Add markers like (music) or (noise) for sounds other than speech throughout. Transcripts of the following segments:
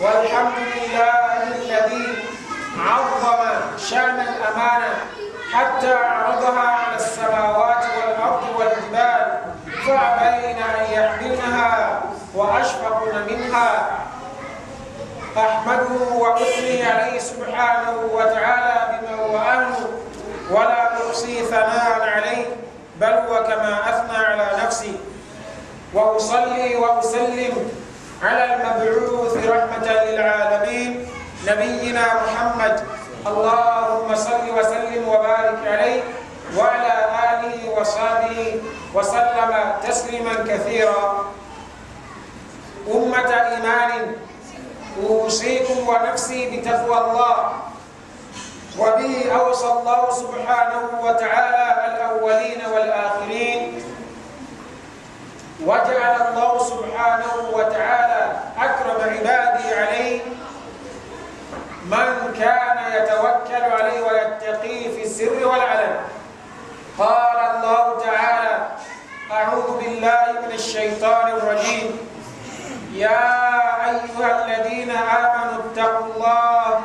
والحمد لله الذي عظم شأن الأمانة حتى عرضها على السماوات والأرض والجبال فأبين أن يحملنها وأشفقن منها أحمده وأثني عليه سبحانه وتعالى بما هو أهله ولا أحصي ثناء عليه بل وكما أثنى على نفسي وأصلي وأسلم على المبعوث رحمة للعالمين نبينا محمد اللهم صل وسلم وبارك عليه وعلى آله وصحبه وسلم تسليما كثيرا أمة إيمان أوصيكم ونفسي بتقوى الله وبه أوصى الله سبحانه وتعالى الأولين والآخرين وجعل الله سبحانه وتعالى أكرم عباده عليه من كان يتوكل عليه ويتقيه في السر والعلن قال الله تعالى أعوذ بالله من الشيطان الرجيم يا أيها الذين آمنوا اتقوا الله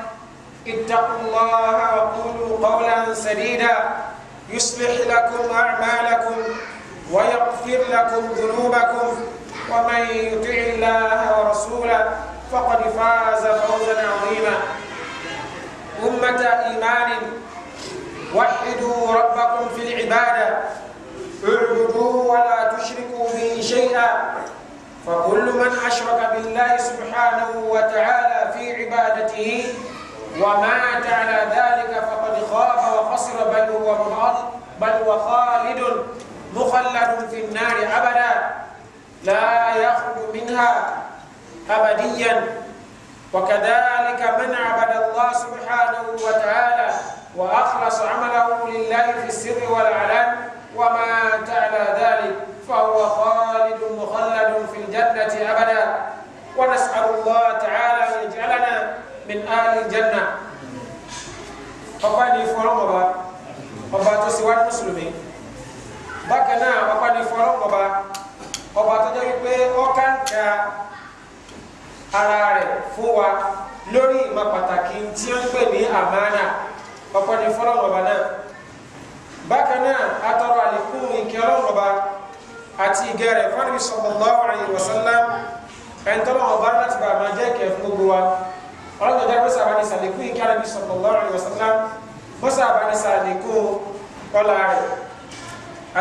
اتقوا الله وقولوا قولا سديدا يصلح لكم أعمالكم ويغفر لكم ذنوبكم ومن يطع الله ورسوله فقد فاز فوزا عظيما أمة إيمان وحدوا ربكم في العبادة اعبدوه ولا تشركوا به شيئا فكل من أشرك بالله سبحانه وتعالى في عبادته ومات على ذلك فقد خاف وخسر بل هو بل وخالد مخلد في النار أبدا لا يخرج منها أبديا وكذلك من عبد الله سبحانه وتعالى وأخلص عمله لله في السر والعلن ومات على ذلك فهو خالد مخلد في الجنة أبدا ونسأل الله تعالى أن يجعلنا من أهل الجنة. أبا نيفو أبا أبا تسوى المسلمين bákan náà ọba ní fọlọ́kọba ọba tó jẹ́ wípé ọ̀kàǹkà ara rẹ̀ fún wa lórí ìmọ̀ pàtàkì tí ó ń pè ní àmàna ọ̀pọ̀ ní fọlọ́kọba náà bákan náà atọ́rọ àlékún ìkẹ́ ọlọ́kọba àti ìgẹ́ rẹ̀ fọ́nrẹ́bí sallallahu alaihi wasallam ẹni tọ́lọ́ ọba láti bá máa jẹ́ ìkẹ́ fún gbogbo wa ọlọ́dọ̀dá mọ́sá bá ní sàlékún ìkẹ́ àrẹ́bí sallallahu alaihi wasallam mọ́sá bá ní sàlékún ọlá rẹ̀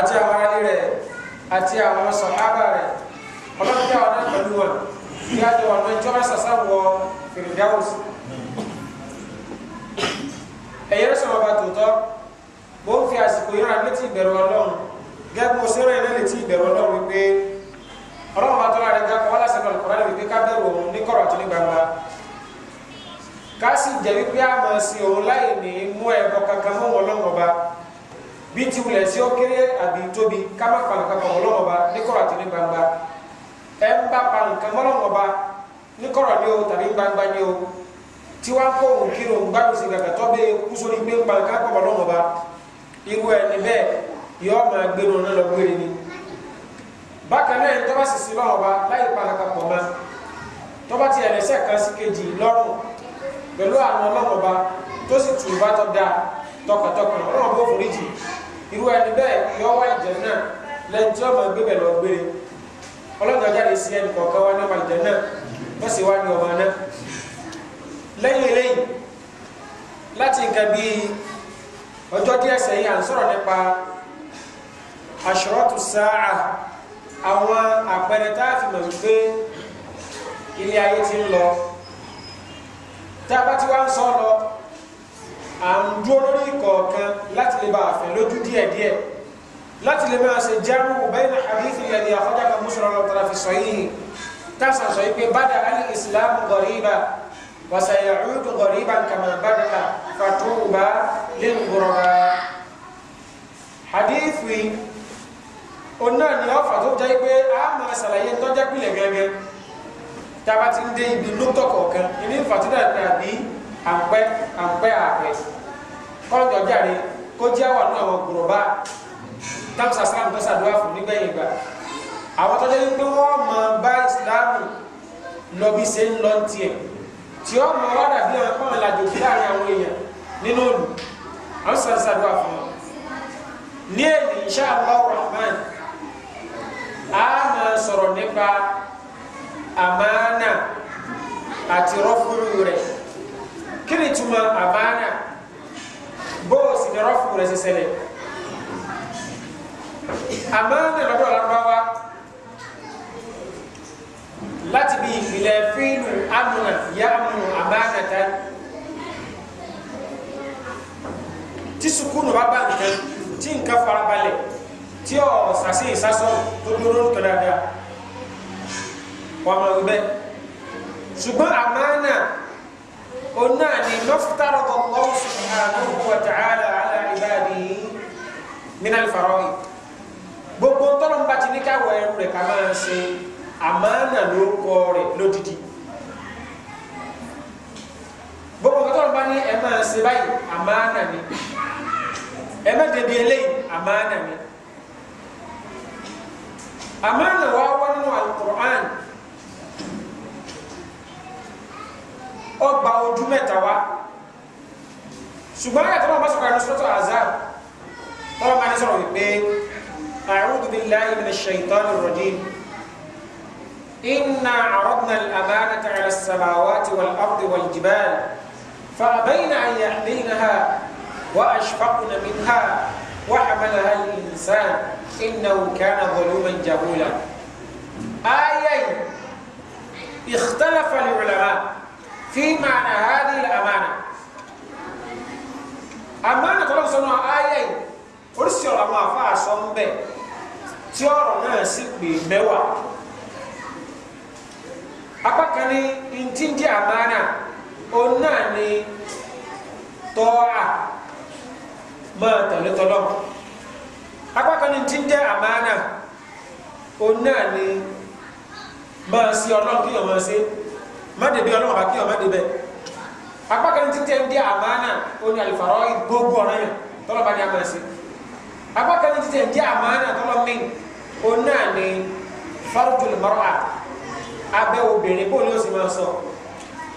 àti àwọn aráàlú rẹ̀ àti àwọn sàhábà rẹ̀ ọlọ́run jẹ́ ọ̀dọ́ pẹ̀lú wọn kí á jọ ọ̀dọ́ jọ́ sàṣà wọ fèrèdáwòs ẹ̀yẹ́ sọ̀rọ̀ bá tòótọ́ mo ń fi àsìkò yìí ràn létí ìbẹ̀rù ọlọ́run gẹ́gẹ́ mo sẹ́rọ̀ yẹn létí ìbẹ̀rù ọlọ́run wípé ọlọ́run bá tọ́ra rẹ̀ gákan wọ́n lásìkò àlùkòrán wípé ká bẹ̀rù òun ní kọ̀rọ̀ àti ní gbangba ká sì jẹ́ wípé àmọ̀ sí òun láì ní mú ẹ̀kọ́ kankan mọ́ wọn lọ́wọ́ ba Binti ti wulẹ̀ tí ó kéré àbí tóbi ká má pàǹkà pàmò lọ́wọ́ ba ní kọ̀rọ̀ àti ní gbangba ẹ̀ ń bá pàǹkà mọ́ lọ́wọ́ ba ní kọ̀rọ̀ ni o tàbí gbangba ni o tí wọ́n kó òun kí òun gbádùn sí gàgà tó bẹ́ẹ̀ kúso ní gbé pàǹkà pàmò lọ́wọ́ ba irú ẹ̀ ní bẹ́ẹ̀ yọ máa ni bákan náà tọ́ba sì sí lọ́wọ́ ba láì pàǹkà ti ẹ̀rẹ́sẹ̀ kan sí kejì lọ́rùn pẹ̀lú àwọn ọlọ́wọ́ ba tó sì da tọkàntọkàn ọlọ́wọ́ bó foríjì irú ẹni bẹ́ẹ̀ yọ wá ìjẹ̀nà lẹ́ntì ọmọ gbébẹ̀ lọ gbére ọlọ́dún ọjà lè sí ẹnì kọ̀ọ̀kan wá ní ọmọ ìjẹ̀nà wọ́n sì wá ní ọmọ náà lẹ́yìn lẹ́yìn láti nǹkan bíi ọjọ́ díẹ̀ sẹ́yìn à ń sọ̀rọ̀ nípa àṣọ́rọ́tù sáà àwọn àpẹẹrẹ tá a fi mọ̀ wípé ilé ayé ti ń lọ tá a bá ti wá ń sọ lọ à ń dúró lórí kọ̀ọ̀kan láti lè bá a fẹ́ lójú díẹ̀díẹ̀ láti lè máa ṣe jáàmù bayna hadithi alladhi akhrajahu Muslim ta'ala fi sahihi tásán sọ pé bada al-islam ghariba wa sayaudu ghariban kama bada fatuba lil ghuraba hadithi ọ̀nà ni ọ̀fà tó jẹ́ pé a máa ṣàlàyé tọ́jà pìlẹ̀ gẹ́gẹ́ tá ń dé ibi lóòótọ́ kọ̀ọ̀kan ìní ìfàtúndà dàbí àpẹ àpẹ àpẹ kọlọjọ jáde kó jẹ àwọn àwọn gbòòròbá táwọn sàsàlámù tó sàdúrà fún nígbẹ̀yìn gbà àwọn tó débi pé wọn mọ bá ìsìlámù lọbi ṣe ń lọ tiẹ̀ tí ó mọ wá dàbí àwọn ẹ̀kọ́ àwọn ìlàjò kí láàrin àwọn èèyàn nínú òlù àwọn sàn sàdúrà fún wọn ní èdè insha Allah rahman a máa sọ̀rọ̀ nípa àmàna àti rọ́fúrú rẹ̀ kini tuma amana bóò sì ní rọ́fù rẹ̀ ṣiṣẹ́ lẹ̀ amana lọ́dọ̀ lọ́dọ̀wá láti bí ìpìlẹ̀ fíìlù amúnà yá amúnà amana ta tí sukùnù bá bá nǹkan tí nǹkan farabalẹ̀ tí ọ̀ sàṣì ìsásọ́ tó dúró lórí kọ́dáadáa wọ́n máa wí bẹ́ẹ̀ ṣùgbọ́n amana onani maftarada Allah subhanahu wa ta'ala ala ibadihi min al-faraid gbogbo tọ́lọ̀ bá ti ní káwọ ẹrú rẹ̀ ká máa ṣe àmánà ló kọ rẹ̀ lódìdí gbogbo tọ́lọ̀ bá ní ẹ máa ṣe báyìí àmánà ni ẹ má débi eléyìí àmánà ni àmánà wa wà nínú al-Qur'an ọgbà ọdún mẹ́ta wá ṣùgbọ́n àyàtọ̀ náà bá sọ̀rọ̀ àdúsọ́tọ̀ azab wọ́n bá ní sọ̀rọ̀ wípé a'udhu billahi minash shaitanir rajim inna aradna al-amanata ala as-samawati wal-ardi wal-jibal فأبين أن يحملنها وأشفقن منها وحملها الإنسان إنه كان ظلوما جهولا آيين اختلف العلماء في معنى هذه الأمانة أمانة تلقى سنة آيين oríṣi ọ̀rọ̀ àwọn àfáà sọ ń bẹ̀ tí ọ̀rọ̀ náà sì pè mẹ́wàá apá kan ní ntíńjẹ́ àmánà òun náà ni tọ́ra máa tẹ̀lé tọ́lọ́ apá kan ní ntíńjẹ́ àmánà òun ni máa sí ọlọ́run kí má dèbí ọlọ́wọ́ bá kí ọ má dèbẹ̀ apá kan ti tẹ́ ń dí àmánà ó ní àlùfàrọ́ gbogbo ọ̀rọ̀ yẹn tọ́lọ́ bá ní àmà sí apá kan ti tẹ́ ń dí àmánà tọ́lọ́ mí ó náà ní farujul mar'a abẹ́ obìnrin bó ni ó sì máa sọ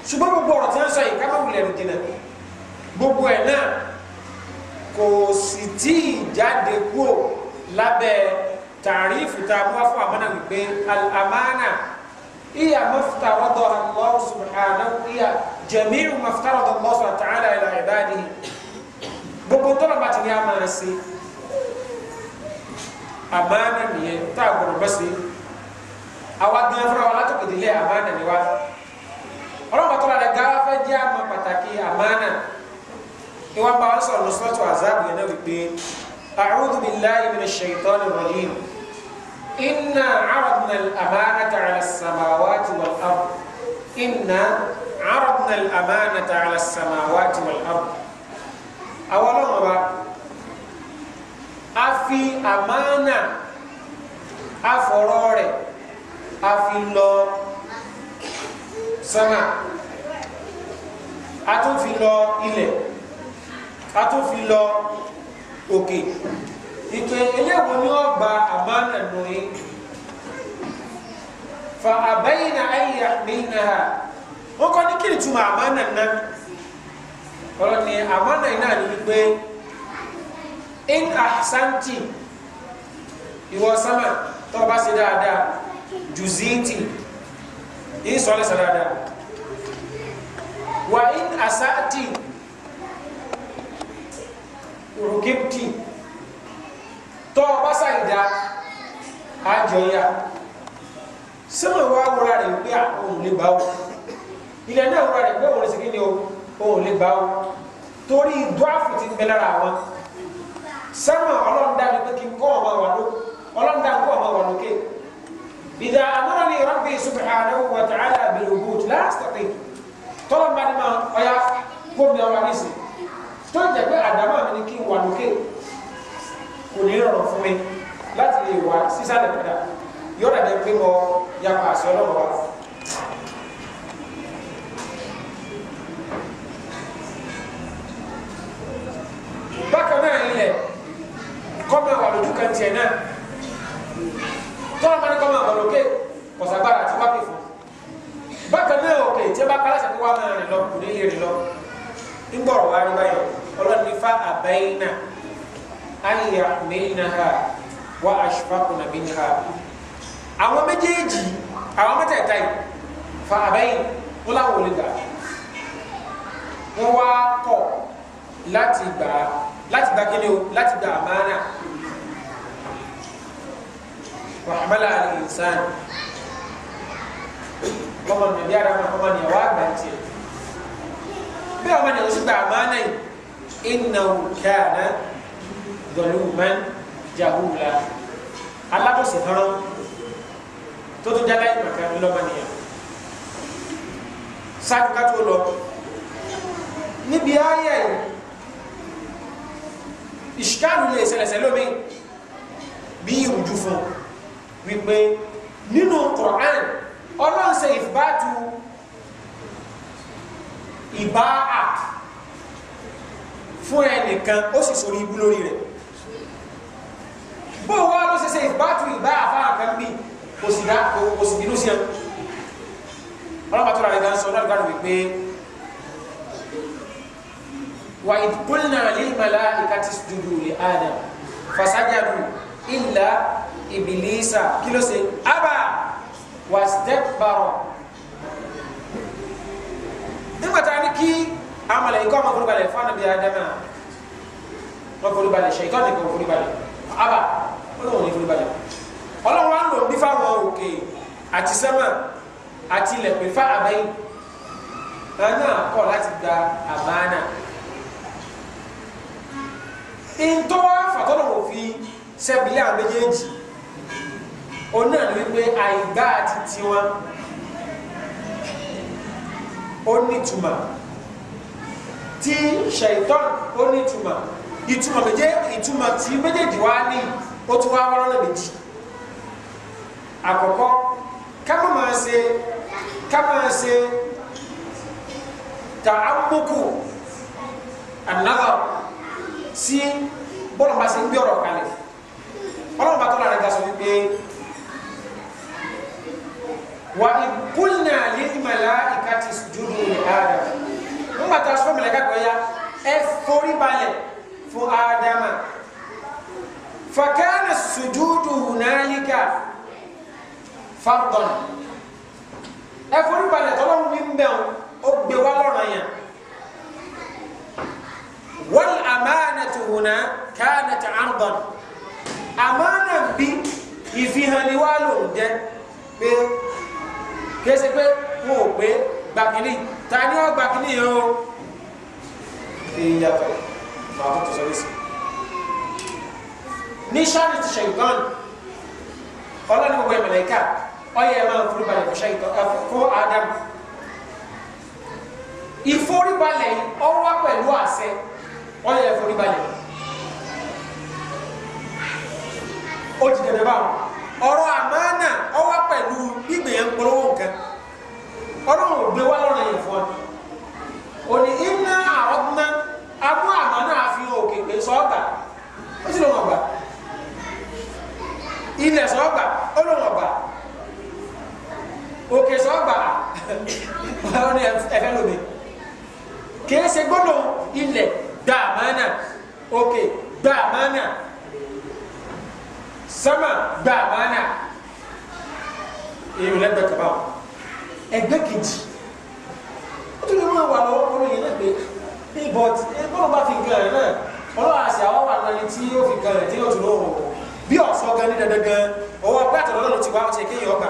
ṣùgbọ́n gbogbo ọ̀rọ̀ tí wọ́n sọ yìí ká má wulẹ̀ gbogbo ẹ̀ náà kò sì tí ì jáde kúrò lábẹ́ tàrífù tá a wá fún àmánà wípé àmánà. هي ما افترضها الله سبحانه هي جميع ما افترض الله سبحانه وتعالى على عباده بقدر ما تنيا ما نسي أمانة نية تابر بسي أواد نفر ولا تقدر لي أمانة نية ọlọ́run ما la gàá fẹ́ ما àmọ́ أمانة àmánà ìwọ̀nba ọ̀sán lọ́sọ̀tò àzáàbù yẹn náà wípé a'udhu billahi minash shaitanir إنا عرضنا الأمانة على السماوات والأرض إنا عرضنا الأمانة على السماوات والأرض أولا مرة أفي أمانة أفرور أفي لو أتو في لو إلي أتو في لو أوكي ìpè eléwo ni ó gba fa abayna an yahmilnaha wọn kọ́ ní kí ni túmọ̀ àmánà náà ọ̀rọ̀ ni àmánà náà ni wípé in ahsanti ìwọ sámà tó o bá ṣe dáadáa in sọ lẹ́sẹ̀ dáadáa wa in asati rukibti tó o bá ṣàìdá àjọyà sẹ́mọ̀ ìwà wúra rẹ̀ wípé ah, òun lè bá o ilẹ̀ náà wúra rẹ̀ pé òun lè segin ní o òun lè bá o torí dọ́àfù ti ń bẹ lára wọn sẹ́mọ̀ ọlọ́ọ̀dá mi pé kí n kọ́ ọmọ wà ló ọlọ́ọ̀dá kọ́ ọmọ wà lókè ìdá àmúra ni rabbi subhanahu wa ta'ala bil ubud láàsìtọ̀tì tọ́lọ́ bá ní ma ọ̀yà kó mi ọ̀rọ̀ àdìsí tó jẹ́ pé àdámà mi ni kí n wà lókè kò ní rọrùn fún mi láti lè wà sísàlẹ̀ padà yọ̀dà bẹ pé wọ́n yapa àṣẹ ọlọ́wọ́ wa. bákan náà ilẹ̀ kọ́mọ àwàlójú kan tiẹ̀ náà tọ́lá máa ní kọ́mọ àwàlókè kọ̀sàgbára àti wákè fún bákan náà òkè tí a bá kálá sẹ́kọ̀ọ́ wa máa rìn lọ kò ní lè rìn lọ ńgbọ̀rọ̀ wa ní báyọ̀ ọlọ́ni fa àbáyé náà ayé àmì náà wà ashfaqna minha àwọn méjèèjì àwọn mẹ́tẹ̀ẹ̀ta yìí fa àbẹ́yìn wọn làwọn ò lè gbà wọn wá kọ̀ láti gbà láti gbà kíni o láti gbà àmánà wàhámàlà àlìsàn ọmọ nàbí àdàmà ọmọ nìyàwó àgbà tiẹ̀ bí ọmọ nìyàwó sì gbà àmánà yìí innahu kana zaluman jahula alábòsí fọlọ́n tó tó jala ìgbà kan lọ́mọ nìyẹn sáàdù ká tó lọ níbi ayé yìí ìṣkáàlù lè ṣẹlẹ̀ṣẹ̀ lómi bí ìrùjú fún wípé nínú Qur'an ọlọ́run ṣe ìfibátu ìbáà fún ẹnìkan O sì sọ̀rọ̀ ibú lórí rẹ̀ bó wá ló ṣe ṣe ìfibátu ìbáà fáwọn kan bíi kò sì dá kò sì bínú sí ẹ ọlọ́pàá tó ra rẹ̀ gan sọ ọlọ́pàá rẹ̀ wípé wa idh qulna lil malaikati isjudu li adam fasajadu illa ibilisa kí ló ṣe aba wastakbara nígbà tá a ní kí amàlẹ̀ ikọ́ ọmọ forúbalẹ̀ fún anabi adama wọn forúbalẹ̀ ṣe ikọ́ nìkan forúbalẹ̀ aba ó lóun ní forúbalẹ̀ ọlọ́run á lò ní fáwọn òkè àti sẹ́mà àti ilẹ̀pẹ̀ fá àbẹ́yìn àná kọ̀ láti gba àbáánà ntọ́wọ́ fàtọ́nà òfin sẹ́bílẹ̀ àwọn méjèèjì oná ni wípé àìgbá àti tiwọn ó nítumọ̀ tí ṣèitán ó nítumọ̀ ìtumọ̀ méjèèjì wá ní ó tún wá wọ́n lọ́nà méjì àkọ́kọ́ kama maa ṣe kama ṣe ta'ammuku an-nazar sí bọ́lá ma ṣe ń gbé ọ̀rọ̀ kalẹ̀ ọlọ́run bá tọ́lá rẹ̀ ga sọ wípé wa kulna lil malaikati isjudu li adam ńgbà tá a sọ mẹlẹ́ka gbọ́ ya ẹ forí balẹ̀ fún ádámà fakana sujudu hunalika fardan ẹ̀fọ́rí balẹ̀ tọ́lọ́run mi ń bẹ̀ ó gbé wá lọ́rọ̀ yẹn wal amanatu huna kanat ardan amánà bí ìfihànni wá ló ń jẹ pé kése pé wọn ò pé gbàkínní ta ni wọn gbàkínní yẹn o èyí yàtọ̀ màá tó sọ lẹ́sìn ní sáré ti ṣe ìgbọ́n ọlọ́ni gbogbo ọyẹ ẹ máa forí balẹ̀ fún ṣáyìtọ́ fún adam ìforíbalẹ̀ ọwọ́ pẹ̀lú àṣẹ ọyẹ ẹ forí balẹ̀ ó ti dẹ̀dẹ̀ báwọn ọ̀rọ̀ àmánà ọwọ́ pẹ̀lú gbígbìyàn polówó nǹkan ọlọ́run ò gbé wá lọ́rọ̀ yẹn fún ọ òní iná àrọ́gbọ́n amú àmánà àfihàn òkè pé sọ́ọ̀gbà ó sì lọ́wọ́ gbà ilẹ̀ sọ́ọ̀gbà ó lọ́wọ́ gbà òkè sọ́gbà ọ̀hún ni ẹ̀fẹ́ lómi kìí ṣe gbọ́dọ̀ ilẹ̀ gbà àmàna òkè gbà àmàna sámà gbà àmàna èyí lẹ́gbẹ̀ẹ́ kaba o ẹgbẹ́ kejì ó tún lè mú àwọn àwọn ọkùnrin yìí lẹ́gbẹ̀ẹ́ bí bọ́t ẹgbọ́n bá fi gan ẹ̀ náà ọlọ́wọ́ àṣẹ àwọn wà lọ́ni tí yóò fi gan ẹ̀ tí yóò tún lọ́wọ́ bí ọ̀sán gan ní dandan gan ọwọ́ gbàtọ̀ lọ́nà ti wá ọ̀sẹ̀ kéèyàn ọgbà.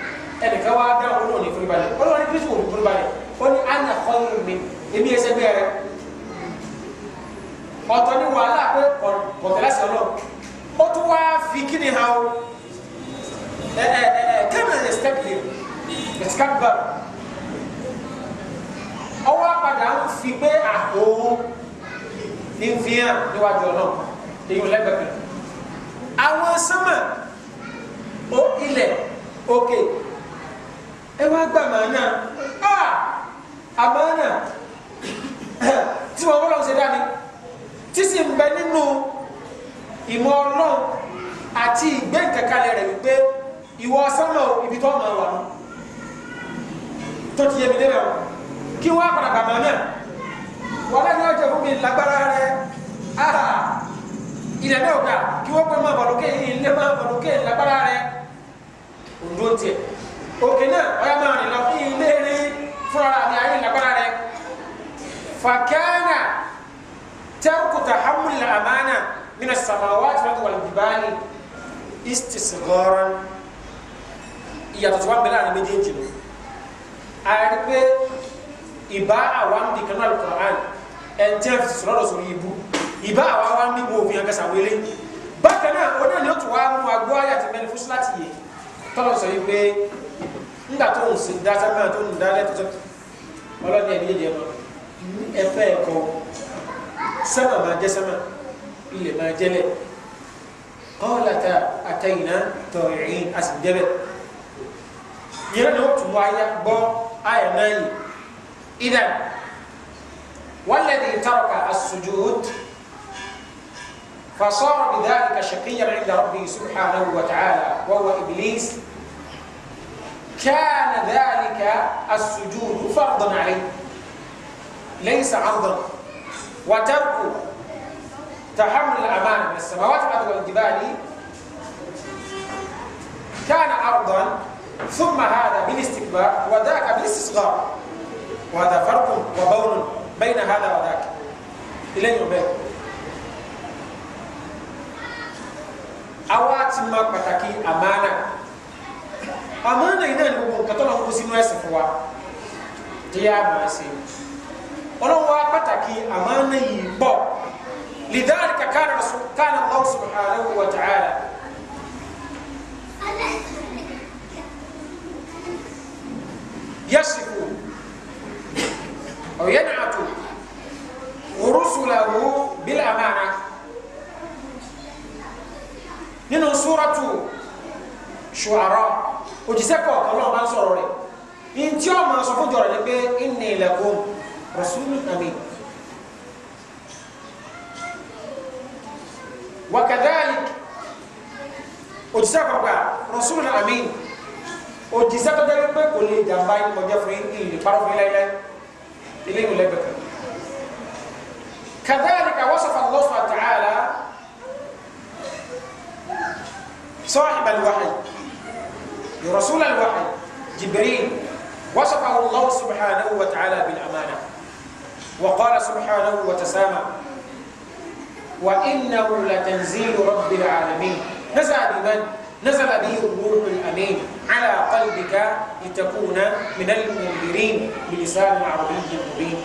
ẹnìkan wá dáhùn ó lóun ní foríbalẹ̀ ó lóun ní kristu òun foríbalẹ̀ ó ní ana kọ́ńtù mi èmi ẹsẹ̀ bẹ́ẹ̀ rẹ ọ̀tọ̀ ni wàhálà pé ọ̀tẹ̀lẹ́sẹ̀ lọ ó tún wá fi kíni ha o ẹ ẹ ẹ kẹ́mi ẹ̀ step here it's come back ọwọ́ apàdà ń fi pé àhóhùn ní fi hàn níwájú ọ̀nà èyí ò lẹ́gbẹ̀ẹ́ àwọn sọ́mà ó ilẹ̀ òkè. Okay ẹ wá gbà màá náà a àmọ́ náà tí wọ́n wọ́n lọ́wọ́ ṣe dání tí sì ń bẹ nínú ìmọ̀ ọlọ́run àti ìgbé ìkẹkálẹ̀ rẹ̀ wípé ìwọ sánmọ̀ ibi tó máa wà tó ti yẹ mi débẹ̀ wọn kí wọ́n á padà gbà màá náà wọ́n lẹ́nu ọjọ́ fún mi lágbára rẹ̀ áhà ìrẹ̀lẹ̀ ọ̀gá kí wọ́n pẹ́ máa bọ̀ lókè ilé máa bọ̀ lókè lágbára rẹ̀ òǹdó tiẹ̀ òkè náà ọ̀yà máa rìn lọ ní ilé rí fúnra ní ayé lágbára rẹ fàkẹ́nà tẹ́kùtà hamlin amánà mina samawati wal jibali istisgharan ìyàtọ̀ tí wọ́n bẹ̀rẹ̀ àná méjèèjì lọ àyàrí pé ìbá àwọn di kanú alukur'an ẹ̀ńtẹ́ sọ̀rọ̀ sọ̀rọ̀ ìbú ìbá àwọn àwọn ní wo òfin àgàsà wọlé bákan náà ó náà ni ó tún wá mú agbó ayàtì mẹ́rin fún síláàtì yìí tọ́lọ̀ sọ yìí pé nígbà tó ń sin dá sábà tó ń dá lẹ́tọ́ ọlọ́dún ẹ̀mí lè mọ ẹ̀fẹ́ ẹ̀kọ́ sábà máa jẹ́ sábà ilẹ̀ máa jẹ́lẹ̀ kọ́ọ̀lẹ́ta àtẹ̀yìnà tọ̀rìn àsìjẹ́bẹ̀ yẹn ló tún wáyà gbọ́ ayà náà yìí idan والذي ترك السجود فصار بذلك شقيا عند ربه سبحانه وتعالى وهو ابليس كان ذلك السجود فرضا عليه ليس عرضا وترك تحمل الأمانة من السماوات والأرض والجبال كان عرضا ثم هذا بالاستكبار وذاك بالاستصغار وهذا فرق وبول بين هذا وذاك إليه وبين أواتي ما بتكي أمانة àmánà iná ni gbogbo nǹkan tọ́lọ́ kó sínú ẹ̀sìn fún wa tí yá máa ṣe ọlọ́run wa pàtàkì àmánà yìí pọ̀ lidari kakana kana Allah subhanahu wa ta'ala yasifu أو ينعت رسله بالأمانة من سورة شعراء òjíṣẹ́ kọ̀ọ̀kan náà bá ń sọ̀rọ̀ rẹ̀ ntí ọ̀ máa sọ fúnjọ rẹ̀ ni pé ìnì ilẹ̀kùn rasulu amin wakadali òjíṣẹ́ kọ̀ọ̀kan rasulu amin òjíṣẹ́ tó dẹ́rẹ́ pé kò lè jàmbá yín kọjá fún yín ìlú parọ́ fún ilé ìlú lẹ́gbẹ̀ẹ́ kan kadalika wasafa Allah subhanahu wa ta'ala sahib al-wahyi. رسول الوحي جبريل وصفه الله سبحانه وتعالى بالأمانة وقال سبحانه وتسامى وإنه لتنزيل رب العالمين نزل بمن؟ نزل به الروح الأمين على قلبك لتكون من المنذرين بلسان عربي مبين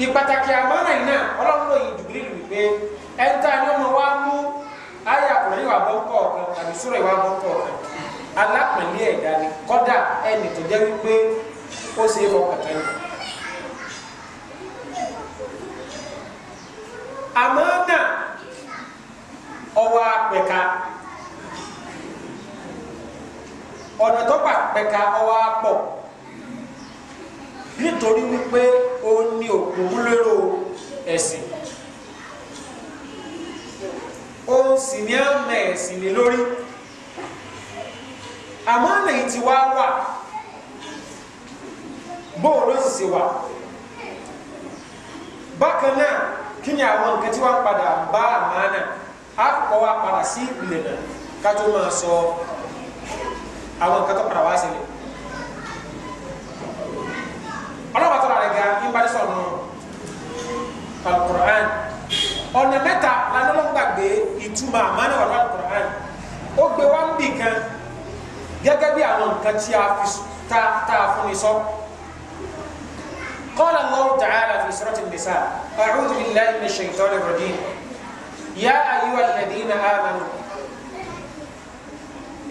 إذا àmọ́nà iná ọlọ́run lóyìn jùbílì wípé ẹ̀ńtà ni ọmọ wa mú aya kùnrin wà bọ́ kọ̀ọ̀kan tàbí sura ìwà bọ́ kọ̀ọ̀kan alápẹ̀lẹ́ ẹ̀dá ni kọ́dà ẹni tó jẹ́ wípé ó ṣe é fọkàn tán ni. àmọ́ náà ọwọ́ apẹ̀ka ọ̀nà tó pa pẹ̀ka ọwọ́ apọ̀ nítorí wípé ó ní òkú lérò ẹ̀sìn òun sì ní àmà ẹ̀sìn lé lórí àmọ́ àmà yìí ti wá wà bóun ló sì ṣe wà bákan náà kí ni àwọn nǹkan tí wọ́n padà bá àmà náà á kọ́ wa padà sí ìpìlẹ̀ náà ká tó máa sọ àwọn nǹkan tó padà wá sílẹ̀ ọlọ́pàá tó rà rẹ̀ ń bá ní sọ̀rọ̀ al ọ̀nà mẹ́ta ìtumọ̀ àmánà wà láti Qur'an ó gbé wá ń bì kan gẹ́gẹ́ bí àwọn nǹkan tí a fi ta ta fún mi sọ. قال الله تعالى في سورة النساء أعوذ بالله من الشيطان الرجيم يا أيها الذين آمنوا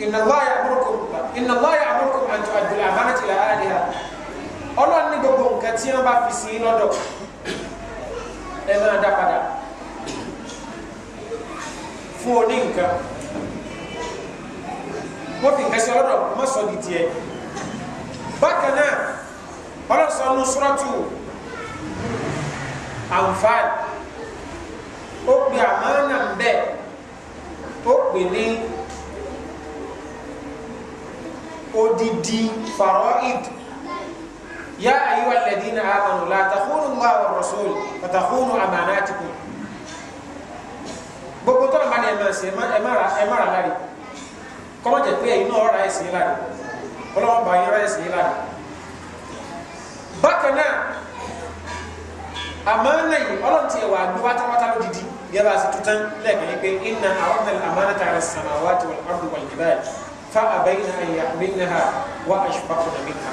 إن الله يأمركم إن الله يأمركم أن تؤدوا الأمانة إلى أهلها Ọlọ́run ní gbogbo nǹkan tí wọ́n bá fi sí lọ́dọ̀ ẹ máa dá padà fún ọ ní nǹkan wọ́n fi nǹkan sí ọlọ́dọ̀ má sọ di tiẹ̀ bákan náà ọlọ́sàn ọ̀nù sọ́rọ́tù àǹfààní ó pe àmọ́nà ń bẹ̀ ó pè ní odidi faraid ya ayyuhal ladina amanu la takhunu Allaha rasul wa takhunu gbogbo tọ́lọ̀ bá ní ẹ máa ṣe ẹ má ra ẹ má ra láre kọ́mọ̀ jẹ́ pé ẹ̀yin náà ra ẹ̀sìn láre ọlọ́wọ́n bá yín ra ẹ̀sìn láre. bákan náà àmánà yìí ọlọ́run ti wà gbé wátáwátá lódìdí yẹ bá a sì tún tán lẹ́ẹ̀kan pé inna àwọn àmánà tààrà samawati wal ardi wal jibal fa abayna an yahmilnaha wa ashfaqna minha.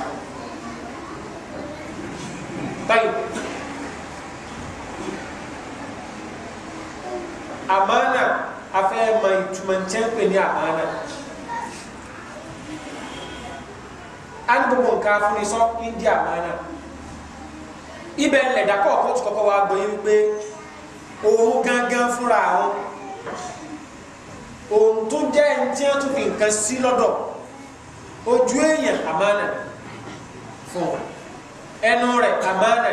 Amana? afẹ́ ma ìtumọ̀ nkyɛn pè ní àmánà ani gbogbo nǹkan afúnni sọ ń di àmánà ibẹ̀ ńlẹ̀ dàkọ̀ ọ̀kọ́tù kọ́kọ́ wa gbọ́ yín wípé òun gángan fúnra àwọn òun tó jẹ́ ntí wọn tó fi nǹkan sí lọ́dọ̀ ojú èèyàn àmánà fún ẹnu rẹ̀ àmánà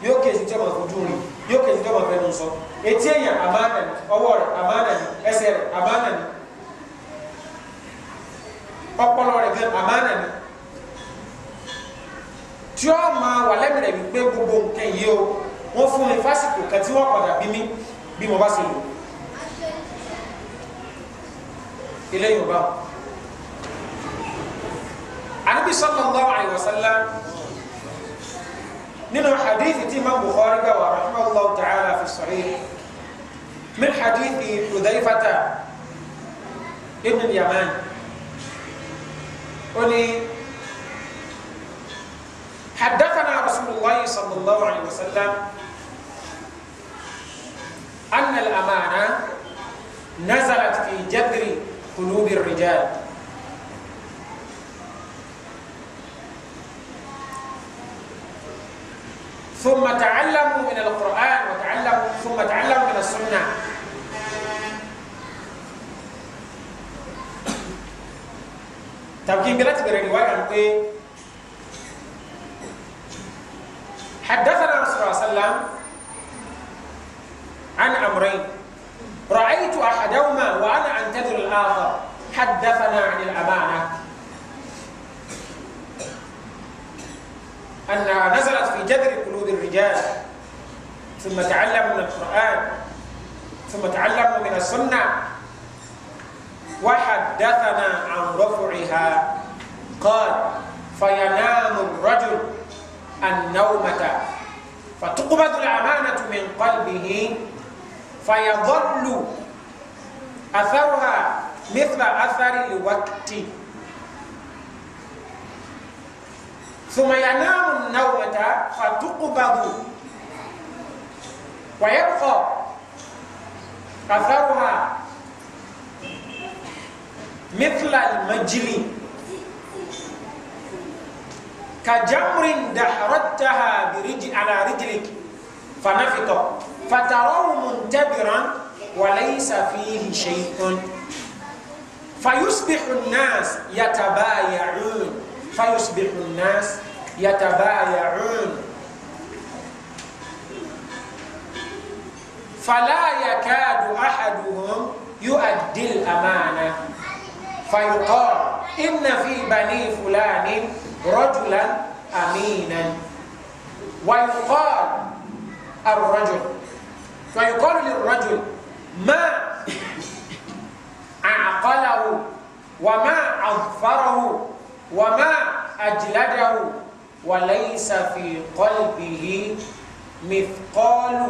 ni yóò kéésì tí wọn fojú rìn yóò kejì tó wọn fẹ́ nu sọ etí èèyàn àmánà ni ọwọ́ rẹ̀ àmánà ni ẹsẹ̀ rẹ̀ àmánà ni ọpọlọ rẹ̀ gan àmánà tí ó máa wà lẹ́mìnrẹ̀ wípé gbogbo nǹkan yìí o wọ́n fún mi fásitì kan tí wọ́n padà bí mi bí mo bá ṣe lò ilé yorùbá anabi sallallahu alaihi wasallam. من حديث الإمام بخارك ورحمه الله تعالى في الصحيح من حديث حذيفة ابن اليمان قولي حدثنا رسول الله صلى الله عليه وسلم أن الأمانة نزلت في جذر قلوب الرجال ثم تعلموا من القرآن وتعلموا ثم تعلموا من السنة تبكين قلت برواية عن يعني إيه حدثنا صلى الله عليه وسلم عن أمرين رأيت أحدهما وأنا أنتظر الآخر حدثنا عن الأمانة أنها نزلت في جذر قلوب الرجال ثم تعلموا من القرآن ثم تعلموا من السنة وحدثنا عن رفعها قال فينام الرجل النومة فتقبض الأمانة من قلبه فيظل أثرها مثل أثر الوقت ثم ينام النومة فتقبض ويبقى أثرها مثل المجل كجمر دحرتها على رجلك فنفط فتراه منتبرا وليس فيه شيء فيصبح الناس يتبايعون فيصبح الناس يتبايعون فلا يكاد أحدهم يؤدي الأمانة فيقال إن في بني فلان رجلا أمينا ويقال الرجل فيقال للرجل ما أعقله وما أظفره wàmà àjìládàwò wàlẹ́yìn sàfihàn kọ́lìbìhì mìkọ́lù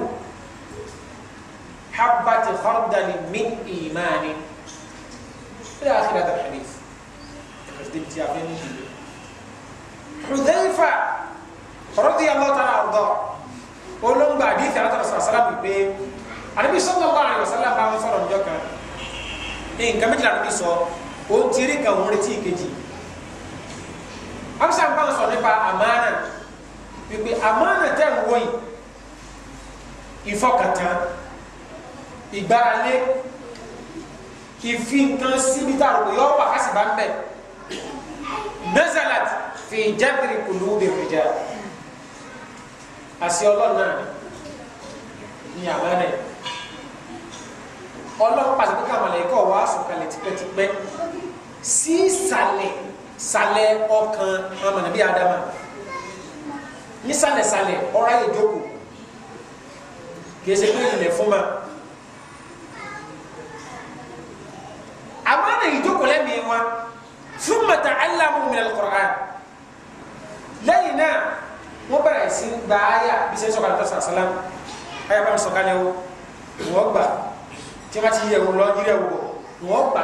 حبة خردل من إيمان إلى آخر هذا الحديث حذيفة رضي الله تعالى أرضاه ولم بعد ثلاثة رسول صلى الله عليه وسلم النبي صلى الله عليه وسلم قال صلى الله عليه وسلم إن كم جل النبي صلى وتيري كم ورتي كذي abisa nkpa sọ nípa àmàna pípé àmàna tẹ̀ ń wọ̀nyí ìfọkàtà ìgbáralé ìfi nǹkan síbi tá a rògbò yọ wà kásì bá ń bẹ̀ nazalat fi jabiri kulubi rija àṣẹ ọlọ́run náà ni àmàna yìí ọlọ́pàá ti pé kàmàlẹ́ kọ́ wàásù kalẹ̀ tipẹ́tipẹ́ sí ìsàlẹ̀. Si sálẹ̀ ọkàn amànàbí adama ní sálẹ̀sálẹ̀ ọ̀rá yẹ jókòó kèsè pé ìlẹ̀ fún ma àmànà ìjókòó lẹ́mìí wa fún mata alamu minal Qur'an lẹ́yìn náà wọ́n bẹ̀rẹ̀ sí gba aya bí sẹ́yìn sọ̀kalẹ̀ tó sàlám aya bá mi sọ̀kalẹ̀ o wọ́n gbà tí wọ́n ti yẹ̀ wò lọ́ọ́ yírẹ̀ wò wọ́n gbà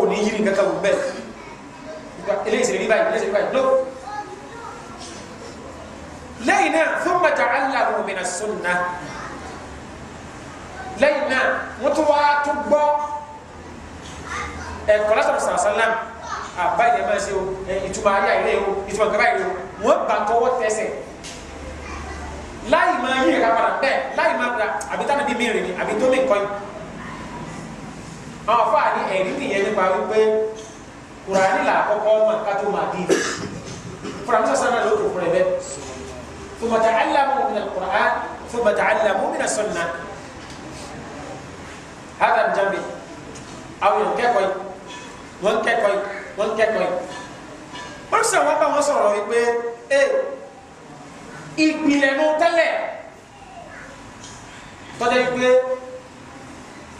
ò ní yírí nǹkan kan wò eléyìí ṣe rí báyìí eléyìí ṣe rí báyìí lọ. lẹ́yìn náà fún bàtà aláàbò mi náà sunna lẹ́yìn náà wọ́n tún wá tún gbọ́ ẹ̀kọ́ látọ̀ sàlásàlám àbáyé ẹ̀ máa ṣe o ìtumọ̀ ayé àìlẹ́ o ìtumọ̀ gàbá ìlú wọ́n bá tọwọ́ tẹsẹ̀ láì máa yí ìka padà bẹ́ẹ̀ láì máa padà àbí tánà bí mìíràn ni àbí tó lè yìí àwọn afáàní ẹ̀rí nìyẹn nípa wípé kurani la àkọ́kọ́ ma ka to ma di faransa sanna lo ko fura bɛ tuma ta alamu min alquran tuma ta alamu min asunna hada jambi aw yan kɛ kɔyi wọn kɛ kɔyi wọn kɛ kɔyi wọn sọ wọn bá wọn sọ̀rọ̀ yìí pé ee ìpìlẹ̀ tẹ́lẹ̀ tọ́jà yìí pé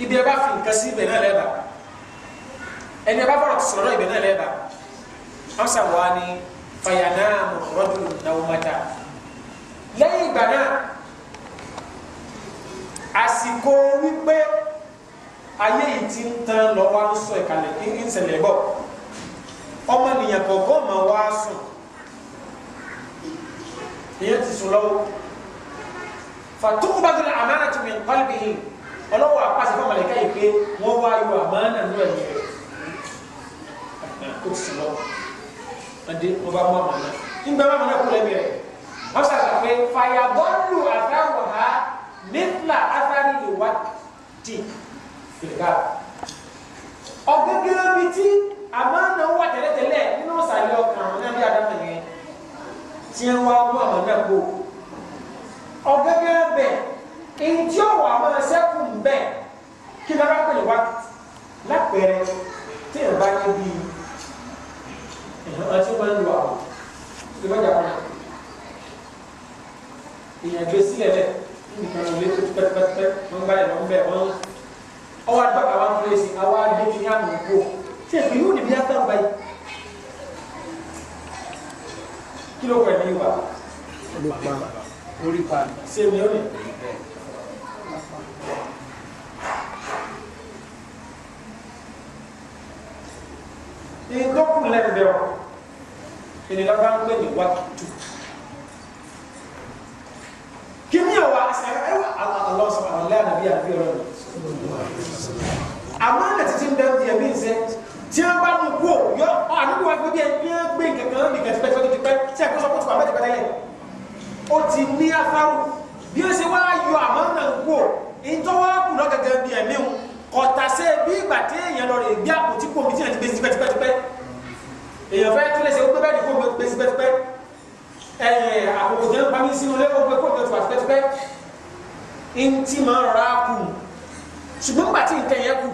ibi ẹ bá fi nǹkan sí ibẹ̀ náà lẹ́bàá ẹni ẹbá fọlọ ti sọ̀rọ̀ náà ibẹ̀ náà lẹba ọsàn wa ni ọyànà mọrọdún nàwọmọta lẹ́yìn ìgbà náà àsìkò wípé ayé yìí ti ń tán lọ wá ń sọ ìkàlẹ̀ ń ṣẹlẹ̀ bọ̀ ọmọnìyàn kọ̀ọ̀kan máa wá sùn ìyẹn ti sùn lọ́wọ́ fàtúkùbàtò ní àmàlà tó mi ń pálí bìhìn àpàṣẹ fún ọmọlẹ́ká yìí pé wọ́n wá irú àmàlà nínú ẹ̀yìn rẹ̀ o fi lọ ọdẹ ọba mọ àmàna nígbà wọn àmàna kúlẹ̀ bẹ̀rẹ̀ wọn sàkà pé fàyàbọ́ọ̀lù àtàwọn ha mẹ́fìlà àtàrí ìwà tì fìlìkà ọ̀gẹ́gẹ́ bíi tí àmàna wà tẹ́lẹ̀tẹ́lẹ̀ nínú sàlẹ̀ ọkàn àwọn náà bí adama yẹn tí wọn wá mọ àmàna kó ọ̀gẹ́gẹ́ bẹ̀ ntí ọ̀wọ̀ àmàna sẹ́kùn bẹ̀ kí n bá pè wá lápẹ̀rẹ̀ tí n bá yẹ bíi ọtí wọn lu àwọn tí wọn jà kọnà èèyàn gbé sílẹ̀ lẹ nǹkan ò lé tó pẹpẹpẹ wọn awal ẹ̀rọ awal wọn ọwọ́ àgbàgbà wọn fún èsì àwọn adé ní àmì ìgbò tí èpè yóò níbi yàtọ̀ báyìí kí ló ìdókù lẹ́gbẹ̀ẹ́ ọ ìnira bá ń pè ní wákìtù kí ni ọwọ́ àṣẹrẹ ẹwà alọ́sọ àwọn ilé àdàbí àbí ọ̀rọ̀ rẹ̀ àmọ́ ẹ̀nà títí ń bẹ́ẹ̀ díẹ̀ bí n sẹ́ tí wọ́n bá mú kú ò yọ ọ àdúgbò wa gbé bí ẹ gbé nǹkan ní nǹkan tipẹ́tipẹ́ tipẹ́ tí ẹ̀kọ́ sọ pé tùpà mẹ́tẹ̀ẹ́ tẹ́lẹ̀ ó ti ní afárò bí ó ṣe wá yọ àmọ́ ẹ̀nà kú ò ìtọ́wọ́ kù lọ́gàgà bí ẹ̀mí wọn kọ̀tàsẹ́ bí ìgbà tí èèyàn lọ rè gbé àpótí kò mí tí èèyàn ti gbèsè tipẹ́tipẹ́ èèyàn fẹ́ tún lè ṣe wípé bẹ́ẹ̀ ni kò gbèsè tipẹ́tipẹ́ ẹ̀yìn àpòkò jẹ́ pami sínú ilé wọn pé kò gbèsè tipẹ́tipẹ́ ntí máa rọra kù ṣùgbọ́n nígbà tí nǹkan yẹn kù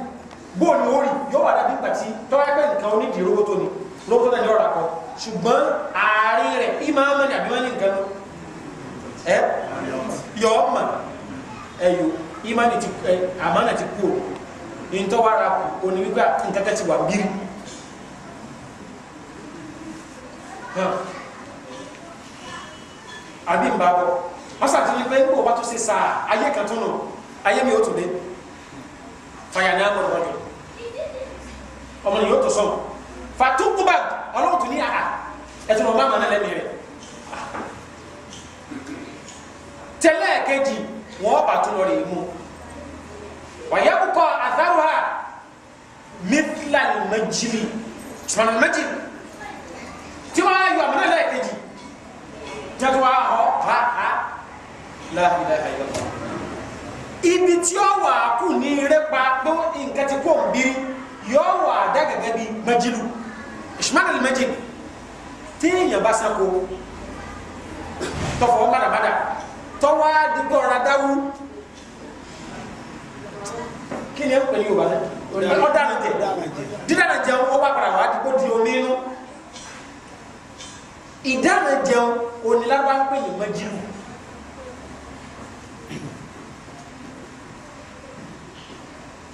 bó ni ó rí yóò wà dàbí nígbà tí tọ́wọ́ pé nǹkan onídìí rówó tó ni lówó tó dání ọ̀rà kọ ṣùgbọ́n àárín rẹ̀ ìmáàmù ni àbí wọ́n ní nǹkan ẹ yọ ọ́ mà ẹ̀yọ ìmáàmù ti àmánà ti kú o. ntọ́wara kù òní wípé nkankan ti wà bírí àbí nbà bọ̀ wọ́n sàtúnyẹ pé nígbà wọ́n tó ṣe sáà ayé kan tó nù ayé mi ò tó ní àgbọ̀n wọ́n jọ ọmọ nìyẹn ó tó sọ̀rọ̀ fàtúkùbà mi ويبقى أثرها مثل المجري سبحان المجري تما يو من لا يجي تدوا هو ها ها لا إله إلا الله ibi tí ó wà kù ní rẹpa pé nǹkan ti kó ń yóò wà dá gẹ́gẹ́ bí majilu ishmael al-majid téèyàn bá sanko tọfọ mọdàmọdà tọwọ adigun ọ̀rọ̀ adáwú kí ni ẹ pẹ̀lú yorùbá náà ọ dáná jẹ dídáná jẹun ó bá padà wá di kó di omi inú ìdáná jẹun onílágbá ń pè ní mọ́jírù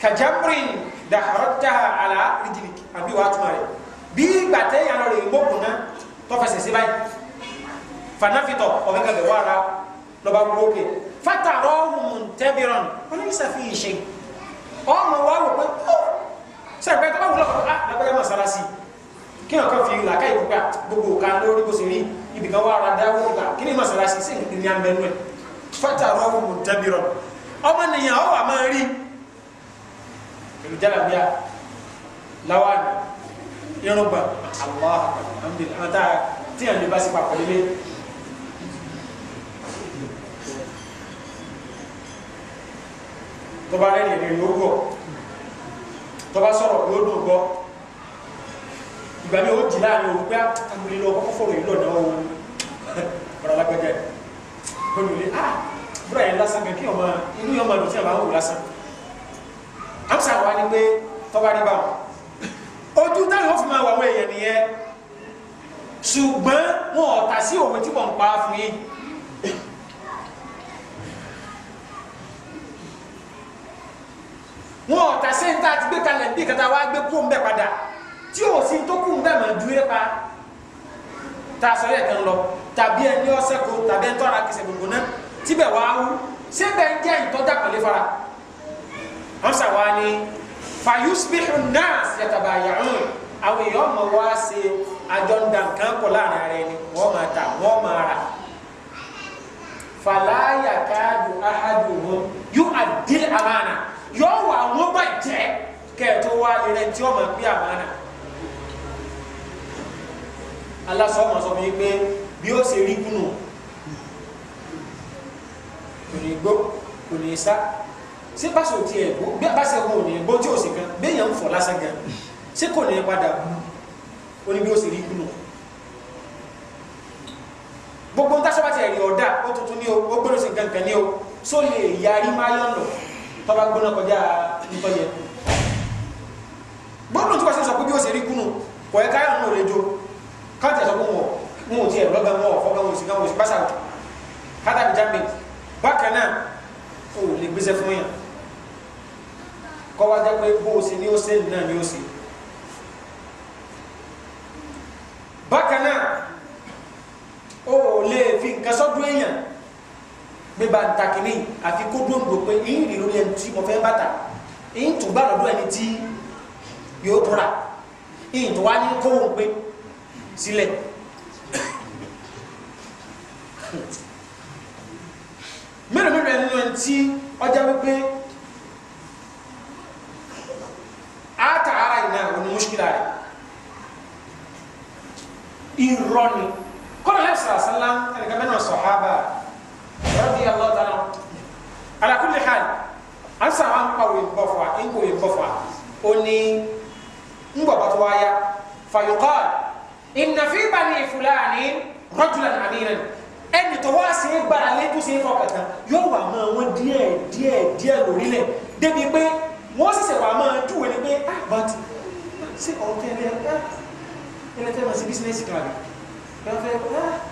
kajamrin dàhárọ́tà àlà rìjìlìk àbí wàá túmọ̀ rẹ̀ bí ìgbà tẹ́yìn àlọ́ rẹ̀ gbókùn náà tọ́fẹsẹ̀ sí báyìí fanafitọ̀ ọ̀gá gàgà wàrà lọ́ba gbókè fátàrọ́ mùtẹ́bìrán wọn ní sàfihàn ṣe ọmọ wa wò pé ó sẹ́gbẹ́ tó bá wù lọ́kọ̀ á ah, lágbájá mọ́sálásí kí wọn kàn fi làákà ìgbà ah, gbogbo ká lórí bó ṣe rí ibì kan wà rádá wọ́n gbà kí ni mọ́sálásí sí ní abẹ́nu ẹ̀ fata rọ́ọ̀mù mùtẹ́bìrọ̀ ọmọ nìyàn ó wà máa rí ìlú jálàbíà láwàní irun gbà àwọn àmì àtà tí àlè bá sì papọ̀ lélẹ̀ tó bá rẹ́rìn ní yóò gbọ́ tó bá sọ̀rọ̀ yóò dùn gbọ́ ìgbà mi ò jì láàrin òun pé àgbélé ah, lọ kọ́kọ́ fọ̀rọ̀ yìí lọ́nà òun (laughs) ọ̀rọ̀ alágbẹ́jẹ́ olùlé ah búra yẹn lásán kẹ́kẹ́ ọmọ inú yẹn ọmọ ìdọ̀tí àbáwò lásán amsa wa ni pé tó bá rí báwọn ojú táwọn fi máa wà wọ èèyàn nìyẹn ṣùgbọ́n wọn ò tà sí òwe tí wọ́n ń pa fún yín wọn ọ̀tà sẹ́yìn tá a ti gbé kalẹ̀ bí kàtà wá gbé kó ń bẹ̀ padà tí o sì tó kú ń bẹ̀ mọ̀ ju yẹ pa tá a sọ yẹ kan lọ tàbí ẹni ọsẹ ko tàbí ẹni tọ́ra kẹsẹ̀ gbogbo náà tíbẹ̀ wá wú sẹ́bẹ̀ ń jẹ́ ìtọ́jà pẹ̀lú fara wọ́n sà wá ní fayusbihu nas yatabaya'un àwọn èèyàn ọmọ wa ṣe àjọ ń da nǹkan pọ̀ láàrin ara ẹni wọ́n máa ta wọ́n máa rà fala yakadu ahaduhum yu'addi al-amana yóò wà wọ́n bá jẹ́ kẹ́ẹ̀tọ́ wá lẹ́rẹ́ tí ọmọ gbé àmàna alásọ̀mọ̀ sọ mi pé bí ó ṣe rí kùnú kò ní gbó kò ní sá ṣé báṣọ tí ẹ gbó bí abáṣẹ kò ní gbó tí ò sì kan béèyàn ń fọ lásán gan ṣé kò ní padà kú ó ní bí ó ṣe rí kùnú gbogbo ń táṣọ́ bá ti ẹ̀rí ọ̀dà ó tuntun ní o ó gbọ́dọ̀ sí gangan ní o só lè yarí máyọ̀ lọ tọ́ba gbóná kọjá nǹkan yẹn gbọ́dọ̀ tí wọ́n ṣe sọ pé bí ó ṣe rí kúnnù kọ̀ ẹ́ káyọ̀ náà lè jo káàtì ẹ̀sọ́ pé wọn wọn ò tiẹ̀ lọ́gàn wọn ọ̀fọ́ gan wọn ò sì gan wọn ò sì bá sàrò kátà bíi jáde bákan náà o lè gbéṣẹ́ fún yàn kọ́ wá jẹ́ pé bó o ṣe ní ó ṣe náà ni ó ṣe bákan náà o lè fi nǹkan sọ́dún èèyàn bí ba ń ta kìíní àfi kó dóńdó pé èyí rí lórí ẹni tí mo fẹ́ bàtà èyí tún gbà lọ́dọ̀ ẹni tí yóò tún rà èyí tó wá ní kówó pé sílẹ̀ mẹ́rin mẹ́rin ẹni lọ́n tí ọjà wípé ata ara yìí náà òní mùsùlùmí rẹ̀ irọ́ ni kọ́nà lẹ́sàrásánlá ẹnìkan mẹ́rin sọ̀hábà rabi allah ta'ala ala kulli hal asa an pa wo bɔ fa n ko bɔ fa o ni n bɔ bɔtɔ waya fa yuqal inna fi bani fulani rajulan aminan ẹni tó wá sí gbára lé tó ṣe é fọkàn tán yóò wà máa wọn díẹ̀ díẹ̀ díẹ̀ lórílẹ̀ débi pé wọ́n ṣẹ̀ṣẹ̀ wà máa júwe ni pé ah but ṣé ọ̀tẹ̀ ẹ̀ ẹ̀ ẹ̀ ẹ̀ tẹ́ ma ṣe bísíǹnẹ́sì kan àbí ẹ̀ fẹ́ ah.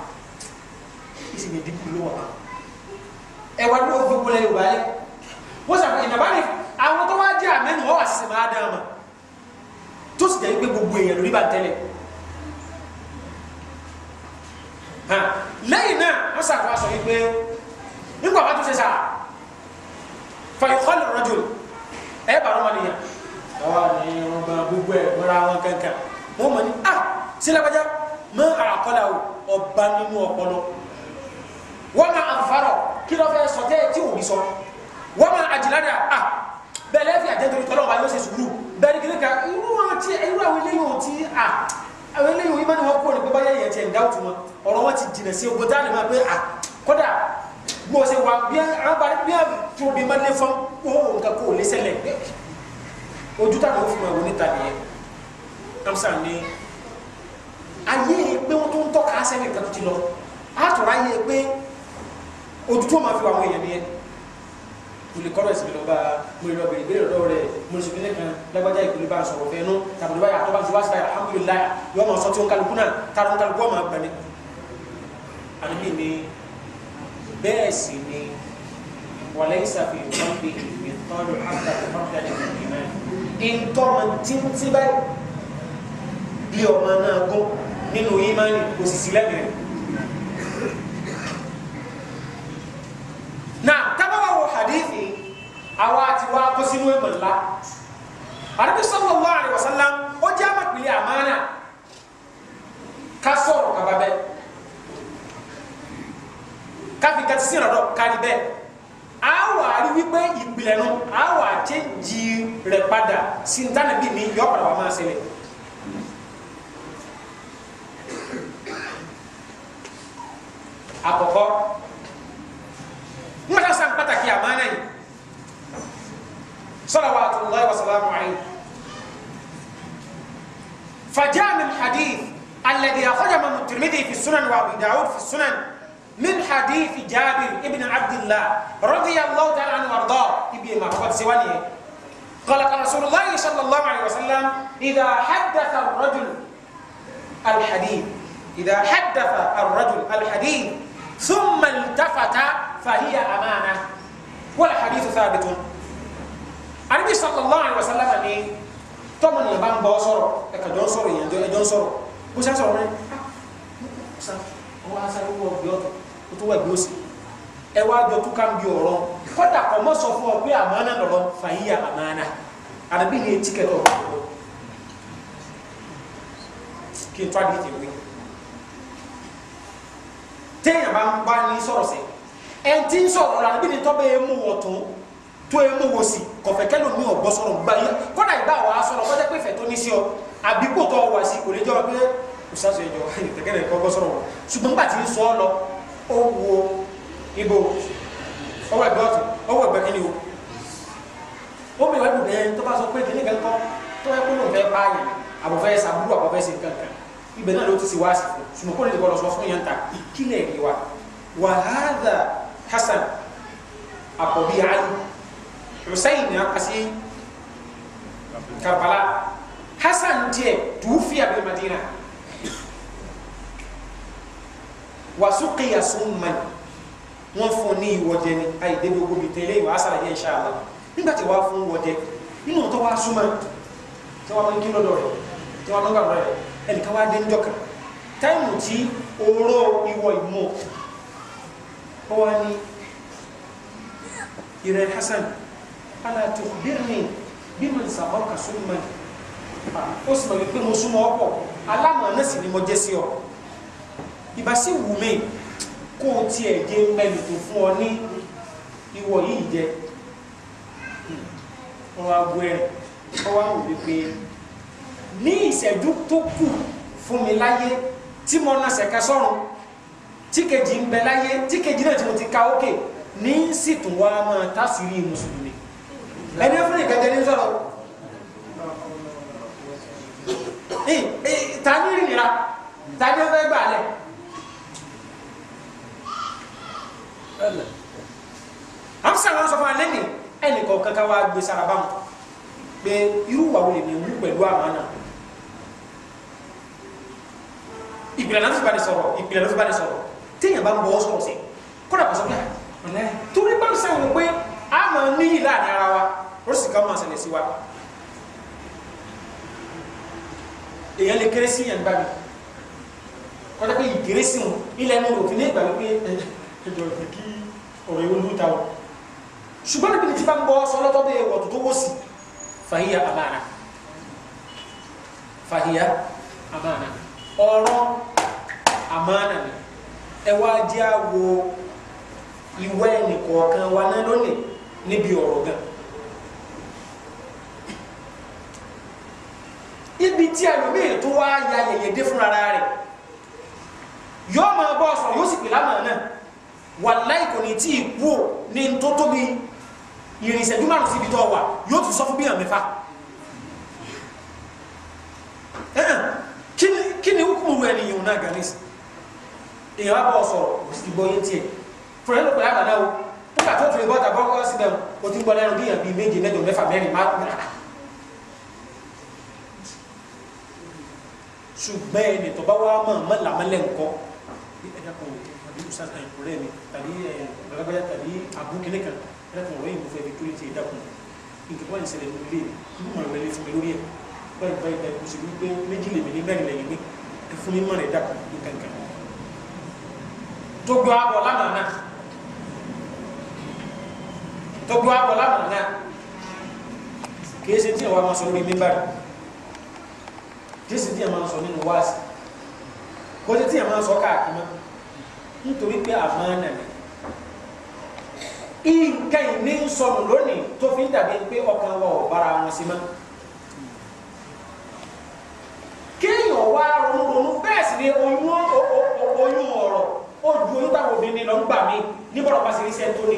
ẹwà ní òfin wọlé yorùbá lẹ wọ́n sàkó ìjọba ni àwọn tó wá jẹ́ àmẹ́nu ọ̀ àṣìṣe máa dá ọmọ tó sì jẹ́ pé gbogbo èèyàn lórí bá ń tẹ́lẹ̀ lẹ́yìn náà wọ́n sàkó aṣọ yìí pé nígbà wàá tó ṣe sá fàyọkọ́lù rọ́jò ẹ̀ bá wọn nìyẹn àwọn ni wọn bá gbogbo ẹ̀ mọ́ra wọn kankan wọ́n mọ̀ ní ah sílábàjá mọ́ àkọ́là ọba nínú ọpọlọ wọ́n máa ń farọ̀ kí ló fẹ́ sọ tẹ́ tí ò ní sọ wọ́n máa àjìlára à bẹ́ẹ̀ lẹ́fì àjẹtòrí tọ́lọ́ wa yóò ṣe sùúrù bẹ́ẹ̀ ni kí ni ká irú àwọn tí irú àwọn eléyìí ò ti à àwọn eléyìí ìmọ̀ ni wọ́n kúrò ní pé báyà yẹn ti ẹ̀ ń dáwùtù wọn ọ̀rọ̀ wọn ti jìnà sí ogun táà lè máa pé à kódà bí wọ́n ṣe wà bí a tó bí máa lé fún owó nǹkan kó lé sẹ́lẹ̀ ojú táwọn fi máa wọ níta nìyẹn amsa ni ayé pé wọ́n tó ń tọ́ka sẹ́yìn kan tó ti lọ á tọ̀rọ̀ ayé pé òtútù máa fi àwọn èèyàn nìyẹn olùkọ́rọ̀ ìsìnkú lọ́ba múlẹ̀ lọ́bẹ̀ ìbéèrè lọ́wọ́ rẹ̀ múlẹ̀sìnkú kan lágbájá ìpínlẹ̀ bá sọ̀rọ̀ fẹ́ nú tàbí báyà tó bá ti wá sí báyà alhamdulilayi yọ ọmọ sọtí òǹkàlùkù náà tààrà òǹkàlùkù ọmọ agbani. àníbí ni bẹ́ẹ̀ sì ni wàlẹ́ ìsàfì ìwọ́nbi ìtọ́lù àgbàdo fọ́nkẹ́lẹ̀ ìgbìmọ̀ ìtọ́mọ tìǹtì báyìí bí ọmọ náà gún nínú yìí ń kò na tabawa wo hadithi awati wa kosimu e mulla arabi sallallahu alaihi wasallam o jama pili amana kasoro kababe kafi kati sira do karibe awa rí wípé ìpìlẹ̀ nu awa chéjì rẹ̀ padà sintana bí mi yọ padà wà máa ṣẹlẹ̀ àkọ́kọ́ السنن وابي داود في السنن من حديث جابر ابن عبد الله رضي الله تعالى عنه وارضاه ابي ما قد سواني قال رسول الله صلى الله عليه وسلم اذا حدث الرجل الحديث اذا حدث الرجل الحديث ثم التفت فهي امانه والحديث ثابت النبي صلى الله عليه وسلم ni tọmọ بان bá اكدوسر bọ sọ̀rọ̀ ẹ kà ọwọ́ asáré wọ ọgbẹ́ ọ̀tọ̀ ó tó wọ ẹgbẹ́ òsì ẹ wá jọ túká ń bi ọ̀rọ̀ kọ́dà kọ́ mọ́ sọ fún ọ pé àmánà ni etí kẹtọ kí n tó àdìyẹ tèwé téèyàn bá ń bá ní ni tọ́ bẹ́ẹ̀ mú wọ̀ wa sọ̀rọ̀ kọ́dà pé fẹ́ tó ní sí ọ àbíkò tó kò lè jọ pé ìsásọ ìjọ ìtẹ̀kẹ́rẹ́ kọ́kọ́ sọ̀rọ̀ wọn ṣùgbọ́n gbà tí ń sọ lọ ó wo ibo ọwọ́ ẹgbẹ́ ọ̀tún ọwọ́ ẹgbẹ́ kí ni o ó mi wẹ́n dùn ẹni tó bá sọ pé kí kan kọ́ tó yẹ kó ló ń fẹ́ pààyàn àbọ̀fẹ́ sàbúrò àbọ̀fẹ́ sí nǹkan kan ibẹ̀ náà ló ti sì wá sí ṣùgbọ́n kó lè kọ́ lọ sọ fún yẹn Hussein ni a kasi Karbala Hasan tiẹ̀ tùú fi Madina. wasuqiya summan wọ́n fún ní ìwọ́jẹ ni àyè débi ogun mi tẹ́lẹ̀ ìwà àṣàlàyé insha Allah nígbà tí wàá fún wọ́jẹ nínú tó wàá súnmọ́ tí wàá máa ń kí lọ́dọ̀ rẹ̀ tí wàá máa ń gbàgbọ́ rẹ̀ ẹnìkan wàá dé ń jọkàn táìmù tí oró ìwọ ìmọ̀ ó wá ní ìrẹ̀ Hasan ala tukhbirni biman sabaka summan ó sì mọ̀ wípé mo súnmọ́ ọ̀pọ̀ alámọ̀ ìbá sì wù mí kó o tiẹ̀ jẹ́ mẹ́lù tó fún ọ ní ìwọ yìí jẹ wọn wá gbọ́ ẹ wọn wá ní ìṣẹ́jú tó kù fún mi láyé tí mo na ṣẹ̀ka sọ́run tí kejì ń bẹ láyé tí kejì náà tí mo ti ka ókè ní sì tún wá máa tásìrí mùsùlùmí ẹni fún ìkẹjẹ ní sọ̀rọ̀ ta ní ìrìnira ta ní ó fẹ́ gbà lẹ̀. amsa wa sọ fún alẹ́ ni ẹnì kọ̀ọ̀kan ká wá gbé saraba mu pé irú wa wo lè ní mú pẹ̀lú àmàna ìpìlẹ̀ náà ti bá ní sọ̀rọ̀ ìpìlẹ̀ náà ti bá ní sọ̀rọ̀ téèyàn bá ń bọ́ sọ̀rọ̀ sí kódà kò sọ pé ọ̀lẹ́ torí bá ń sẹ́wọ̀n pé a máa níyì láàrin ara wa ó sì ká máa ṣẹlẹ̀ sí wa èèyàn lè kéré sí yẹn gbàgbé kọ́dọ̀ pé ìkéré wọn ilẹ̀ ẹnu òfin ní ìgbàgbé pé ẹjọ́ ìfẹ́ kí ọ̀rọ̀ ìwé lóta wọn ṣùgbọ́n níbi tí bá ń bọ́ sọlọ́tọ́ bẹ́ẹ̀ wọ̀ tó wọ́ sí fàhíyà àmàna fàhíyà àmàna ọ̀rọ̀ àmàna ni ẹ wá jẹ́ àwọ ìwé ẹnìkọ̀ọ̀kan wa náà lónìí níbi ọ̀rọ̀ gan ibi tí ẹlòmíì tó wá ya yẹ̀yẹ̀ dé fúnra rẹ̀ yóò máa bọ́ sọ̀rọ̀ yóò sì pè lámàá náà wàláì kò ní tí ì kú ò ní tó tóbi ìrìnsẹ̀jú márùn síbi tó wà yóò tún sọ fún bíyàn mẹ́fà kí ni hukumu rẹ ni yòó náà gani sí èèyàn bá bọ̀ sọ̀rọ̀ kò sì ti gbọ́ yín tiẹ̀ fúnra ló pẹ̀lú àbàdà o nígbà tó tún ìbọ̀tà bọ́kọ́ síbẹ̀ o ti gbọ́ lẹ́nu bíyàn bíi méje mẹ́jọ mẹ́fà mẹ́rin má ṣùgbọ́n ẹni tó bá wá mọ̀ mọ́ làmọ́lẹ̀ ńkọ́ ẹ̀dá kan o ìsà ìkúrẹ́ mi tàbí gbàgbàgbà eh, tàbí abúkélé kan lẹ́kùn ọ̀rẹ́ ìmúfẹ́ ibi tó lè ti dákun nǹkan báyìí ṣẹlẹ̀ lórí rẹ̀ kí wọ́n rẹ̀ lè fún mi lórí ẹ̀ báyìí báyìí báyìí kò sì wí pé méjì lèmi ní mẹ́rin lẹ́yìn mi ẹ fún mi mọ́ rẹ̀ dákun nǹkan kan. tó gbọ́ abọ̀ lánàá náà tó gbọ́ na. lánàá náà kì í ṣe tí àwa máa sọ lórí mímbà rẹ̀ kì í ṣe tí àwa máa sọ nínú wáàsì kò ṣe tí àwa máa sọ káàkiri náà nítorí pé àmánà ni nǹkan ìní ń sọnù lónìí tó fi ń dàbí pé ọkàn wa ò bára wọn sí mọ́ kéèyàn wá ronú ronú bẹ́ẹ̀ sì ni oyún oyún ọ̀rọ̀ ó ju oyún táwọn obìnrin ni lọ ń gbà mí níbọ̀rọ̀ bá sì rí sẹ́ńtó ni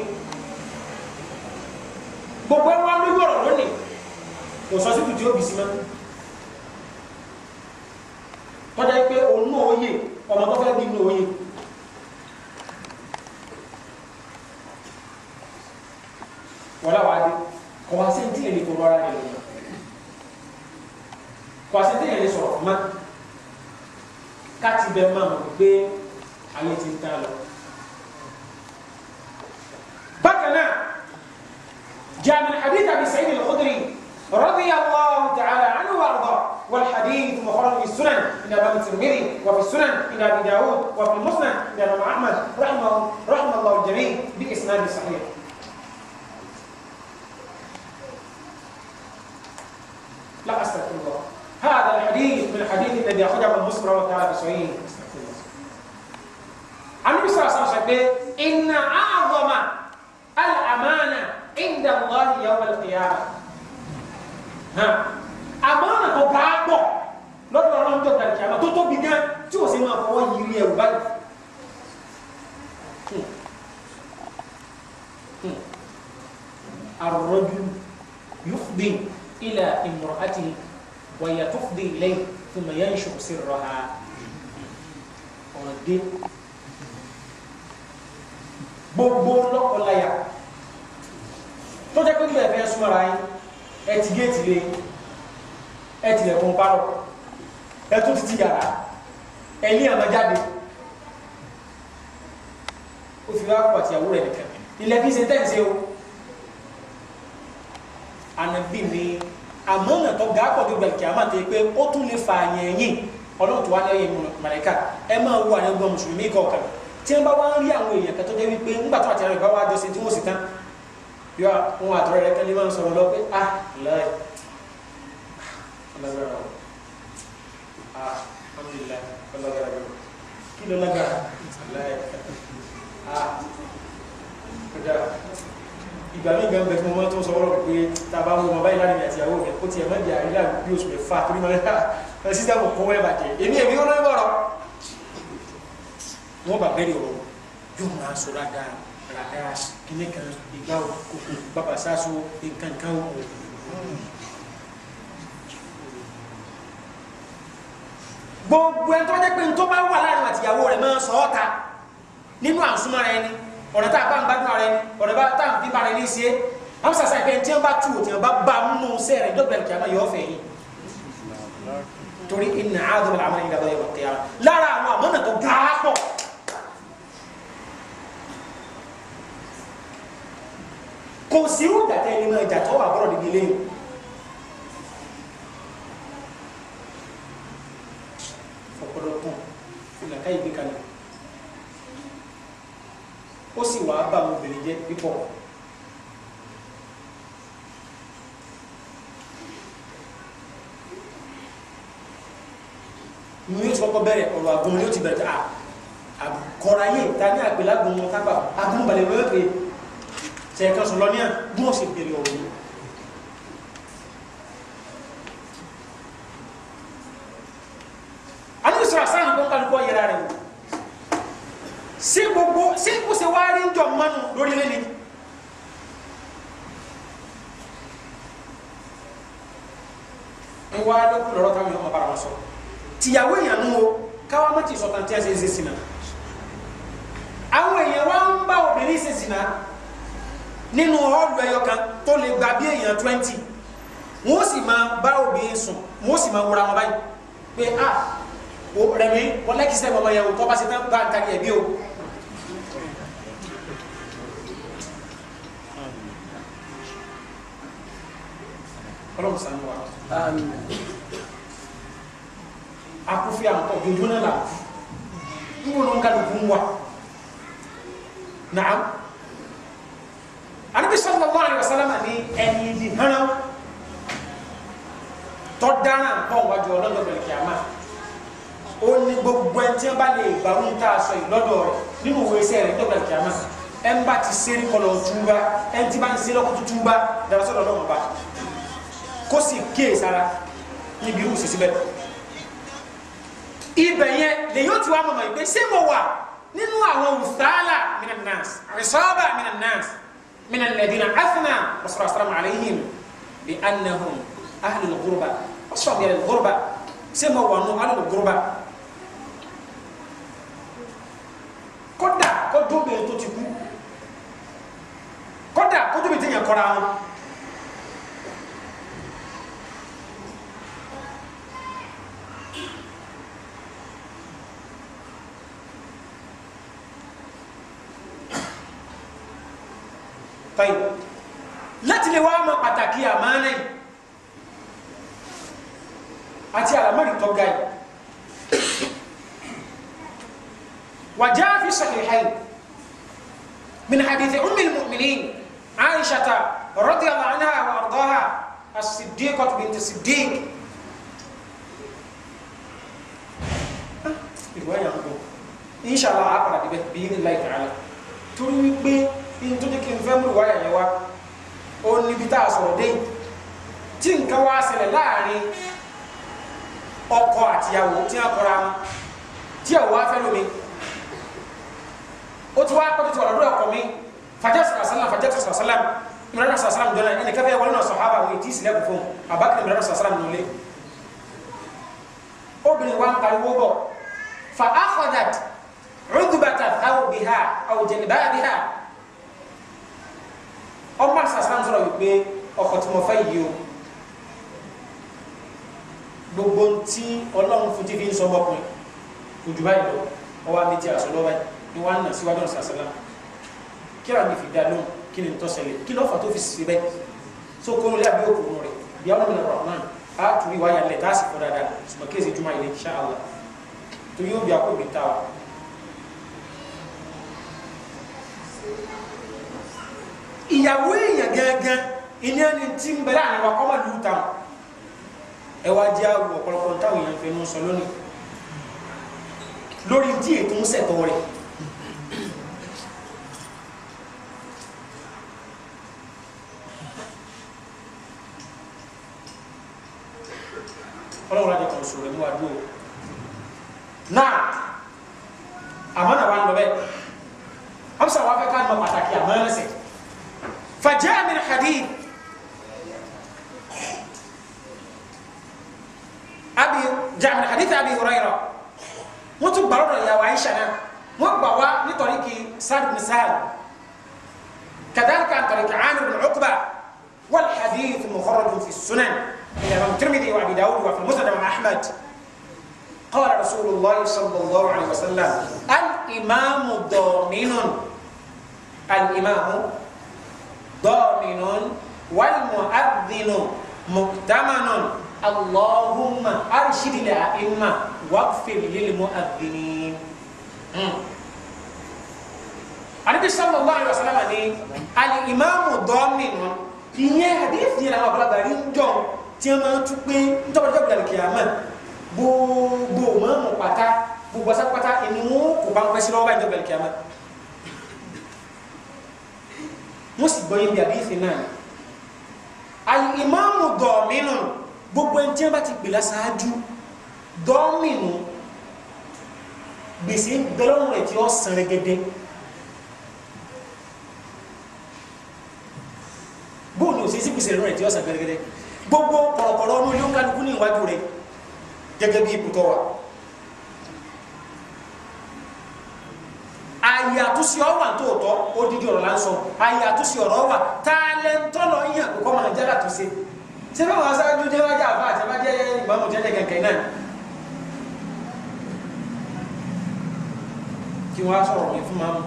gbogbo ẹ wá lórí ọ̀rọ̀ lónìí kò sọ síbi tí ó bì sí mọ́ tọ́jà pé òun náà ó yè ọmọ tó fẹ́ bí inú ó wọlé wa dé kò wá sí ní tíyẹn lè tó lọ́ra rẹ lọ́wọ́ kò wá sí tíyẹn lè sọ̀rọ̀ fún ma káàtì bẹ́ẹ̀ máa mọ̀ pé alẹ́ ti ń tán lọ. bákan náà jaamin hadith abi sa'id al-khudri رضي الله تعالى عنه وارضاه والحديث مخرج في السنن من ابي الترمذي وفي السنن من ابي داود وفي المسند من امام احمد رحمه رحمه الله الجميع باسناد صحيح لا استغفر الله هذا الحديث من الحديث الذي اخرجه من مسلم رواه تعالى في صحيح النبي صلى الله عليه وسلم ان اعظم الامانه عند الله يوم القيامه ها امانه كبرى لا ọlọ́run tó gbàdì kíámà tó tóbi gan tí wọ́n sì máa fọwọ́ yiri إلى امرأته وهي تفضي إليه ثم ينشر سرها ọ̀dẹ́ gbogbo lọ́kọláya tó jẹ́ pé nílẹ̀ fẹ́ súnmọ́ra yín ẹ ti géètì lé ẹ ti lẹ̀kùn parọ́ ẹ tún ti ti yàrá ẹ ní àmọ́ jáde ó fi wá pọ̀ tìyàwó rẹ̀ nìkan ilẹ̀ kí n ṣe tẹ́ǹsẹ̀ o ànàbí mi. àmọ́nà tó ga pọ̀ gbogbo ẹ̀kẹ́ nke àti pé ó tún lè fa àyàn ẹ̀yìn ọlọ́run tó wá ní ẹ̀yìn mọ̀lẹ́kà ẹ máa wo àwọn ẹgbẹ́ mùsùlùmí kọ̀ọ̀kan tí wọ́n bá wá ń rí àwọn èèyàn kan tó jẹ́ wípé nígbà tó àti ẹ̀rọ jọ ìgbà mi gan bẹ tí mo mọ tó sọ wọ́rọ̀ pé tá a bá mú ọmọ báyìí láàrin àti ìyàwó rẹ̀ ó ti ẹ̀ mọ́jà rí láàrin bí oṣù mẹ́fà torí mọ́ ẹ sísá mo kọ́ wẹ́ bàjẹ́ èmi èmi ó lọ́wọ́ rọ. wọ́n bà bẹ́ẹ̀ rọ yóò máa sọ dáadáa dáadáa kíní kan ìgbà òkùnkù bàbá sáṣọ nǹkan gbogbo ẹ tó jẹ́ pé n bá wà láàrin àtìyàwó rẹ̀ máa sọ ọ́ ta nínú àǹsúmọ́ra ẹni ọ̀nà tá a bá ń gbádùn ara ẹni ọ̀nà tá a fi bá ara ẹni ṣe àwọn sàṣà ìfẹ́ tí wọ́n bá tù tí wọ́n bá bá múnú sẹ́rẹ̀ dọ́gbẹ̀rẹ̀ kí a máa yọ ọ́fẹ́ yìí torí iná àádọ́rọ̀ àwọn ẹni dàgbà yọ̀wọ̀ kẹ́yà lára àwọn àmọ́nà tó ga pọ̀ kò sí irú ìdàtẹ́ ẹni máa ìjà tó wà bọ́rọ̀ níbi ilé yìí fọpọlọpọ ìgbékalẹ̀ ó sì wàá bá àwọn obìnrin jẹ́ pípọ̀ ní yóò ti kọ́kọ́ bẹ̀rẹ̀ ọ̀rọ̀ àgùn yóò ti bẹ̀rẹ̀ à ah, àkọ́ra yìí ta ní àgbélágùn wọn tábà àgùn balẹ̀ wọ́n pè ṣe kan sọ lọ́níà bí wọ́n sì bẹ̀rẹ̀ ọ̀rọ̀ yìí. anúbísọ̀rọ̀ sáà ń kọ́ yẹra rẹ̀ wò ṣé gbogbo ṣé kò ṣe wá rí jọ mọ́nu lórí lẹ́ni. ẹ wá lókù lọ́rọ́ táwọn èèyàn máa bára wọn sọ tìyàwó èèyàn nù o káwá má ti sọ̀tàn tí a ṣe ń ṣe sí náà àwọn èèyàn wá ń bá obìnrin ṣe sí náà nínú gba bí èèyàn twenty wọ́n ma máa bá obìnrin sùn wọ́n ma máa wúra wọn báyìí pé a ah, rẹ̀mí wọn lẹ́kìsẹ́ bàbá yẹn o tọ́ bá ṣe tán bá ń tagi ẹ̀bí o ọlọ́run sànú wa akófí àǹkọ́ gbogbo náà làkú níwọ̀n ló ń kálukú wa naam anabi sallallahu alayhi wa sallam ni ẹni di hánà tọ́ dáná pọ̀ wájú ọlọ́dọ̀ bẹ̀rẹ̀ kìámà ó ní gbogbo ẹni tí wọ́n bá lè gbàrú ń tà aṣọ yìí lọ́dọ̀ rẹ̀ nínú òwe iṣẹ́ rẹ̀ lọ́dọ̀ kìámà ẹ̀ ń bá ti sẹ́rí kọlọ̀ túbá ẹ̀ ń ti bá ń sẹ́rí ọkọ̀ túbá dàbí sọ́dọ̀ ọlọ́run kó sì gé sara níbi irú sisi bẹ́ẹ̀ ibẹ̀ yẹn lèyìn ó ti wá mọ̀mọ́ ìgbé ṣé mo wà nínú àwọn wùsàlà minan nas rìsọ́ọ̀bà minan nas minan ladina afna wasalaam salaam alayhim bi annahum ahlul ghurba wasalaam yẹn ghurba ṣé mo wà nù ahlul ghurba kódà kó dóbìnrin tó ti kú kódà kó dóbìnrin tó yàn kọ́ra wọn. tọ́yìn láti lè wá ma pàtàkì àmánà yìí àti àlámọ̀rí tó ga yìí wàjá fi sahihayn min hadithi ummil mu'minin aishata radiyallahu anha wa ardaha as-siddiqah bint siddiq ìwé yàgò inṣàlá àpàdé bẹ́ẹ̀ bí ní láì tààlà torí wípé ntọ́jú kí n fẹ́ múlùú wáyà yẹn wá ó níbi tá a sọ̀rọ̀ dé tí nǹkan wá ṣẹlẹ̀ láàrin ọkọ àtìyàwó tí wọ́n kọ́ra wọn tí ẹ̀ wá fẹ́ lómi ó ti wá pẹ́ tó ti wà lọ́dọ̀ ọkọ mi fàjẹ́ sàlám fàjẹ́ sàlám mìíràn sàlám jọ náà ẹnì kẹfẹ́ wọlé náà sọ̀hábà wọ́n ti sílẹ̀ fún abákẹ́ mìíràn sàlám nílé obìnrin wa ń pariwo bọ̀ fa akhadat rúdùbàtà thawbiha aw janbabiha ọmọ àṣàṣà ń sọ̀rọ̀ wípé ọkọ tí mo fẹ́ yìí o gbogbo tí ọlọ́run fún tí fi ń sọ ọmọkùnrin kò jù báyìí lọ ọwọ́ àmì tí a sọ lọ́wọ́ ni wọ́n á nà síwájú ọ̀sán àṣàlá kí wàá mi fi dá lóhùn kí ni tó ṣẹlẹ̀ kí lọ́fà tó fi ṣe bẹ́ẹ̀ tó kóró lé àbí òkùnrin rẹ̀ bí àwọn ọmọ rahman á turi wáyà lẹ̀ tá a sì kọ́ dáadáa ṣùgbọ́n kí èsì jùmọ̀ ilé insha Allah torí ó bí akóbi ta wa ìyàwó èèyàn gángan ìní ẹni tí ń bẹ láàrin wa kọ́ mọ̀lú táwọn ẹ wá jẹ́ àwọn ọ̀pọ̀lọpọ̀ táwọn èèyàn fẹ́ mú sọ lónìí lórí tí ètò ń ṣẹ̀tọ́ rẹ̀ ọlọ́run láti kàn sọ̀rọ̀ mú àdúrà náà àmọ́ náà wà ń lọ bẹ́ẹ̀ ọ̀sán wa fẹ́ ká ní ma pàtàkì àmọ́ ẹ̀sẹ̀. فجاء من حديث أبي جاء من حديث أبي هريرة وتب يا وعيشنا وبوا لطريق سعد بن سهل كذلك عن طريق عامر بن عقبة والحديث مخرج في السنن إلى الإمام الترمذي وأبي داود وفي المسند أحمد قال رسول الله صلى الله عليه وسلم الإمام ضامن الإمام ضامن والمؤذن مؤتمن اللهم أرشد الأئمة واغفر للمؤذنين anabi sallallahu alaihi wasallam ni alimami dọọminu ìyẹn hadithi yẹn àwọn àgbàlagbà rí ń jọ tí wọn máa ń tún pé ntọ́wọ́dọ́ gbàlẹ̀ kìámà gbogbo mọ́mù pátá gbogbo asápátá ìnú kò bá ń fẹ́ sí lọ́wọ́ báyìí ntọ́wọ́dọ́ gbàlẹ̀ kìámà wọ́n sì gbọ́ yín bí àdéhìí náà ni alìmáàmù dọ̀ọ̀mínú gbogbo ẹni tí wọ́n bá ti pè láṣáájú dọ́ọ̀mínú gbèsè gbẹlọ́run rẹ̀ tí ó san rẹ́gẹ́dẹ́ bóòlù ò sí sí gbèsè rẹ̀ tí gbogbo kọ̀rọ̀kọ̀rọ̀ ọdún ló ń kálukú ní ìwájú rẹ̀ gẹ́gẹ́ bí wa. ààyè àtúnṣe ọ̀wà tó tọ́ odidi ọ̀rọ̀ láǹsọ ààyè àtúnṣe ọ̀rọ̀ ọ̀wà tálẹ́ńtọ́lọ́ yàn kókó máa jẹ́ àtúnṣe ṣé bá wọn aṣáájú jẹ́ wájà àbá àti ẹ̀ma jẹ́ ìbámu jẹ́ kẹ̀kẹ́ náà kí wọ́n á sọ̀rọ̀ mi fún mamu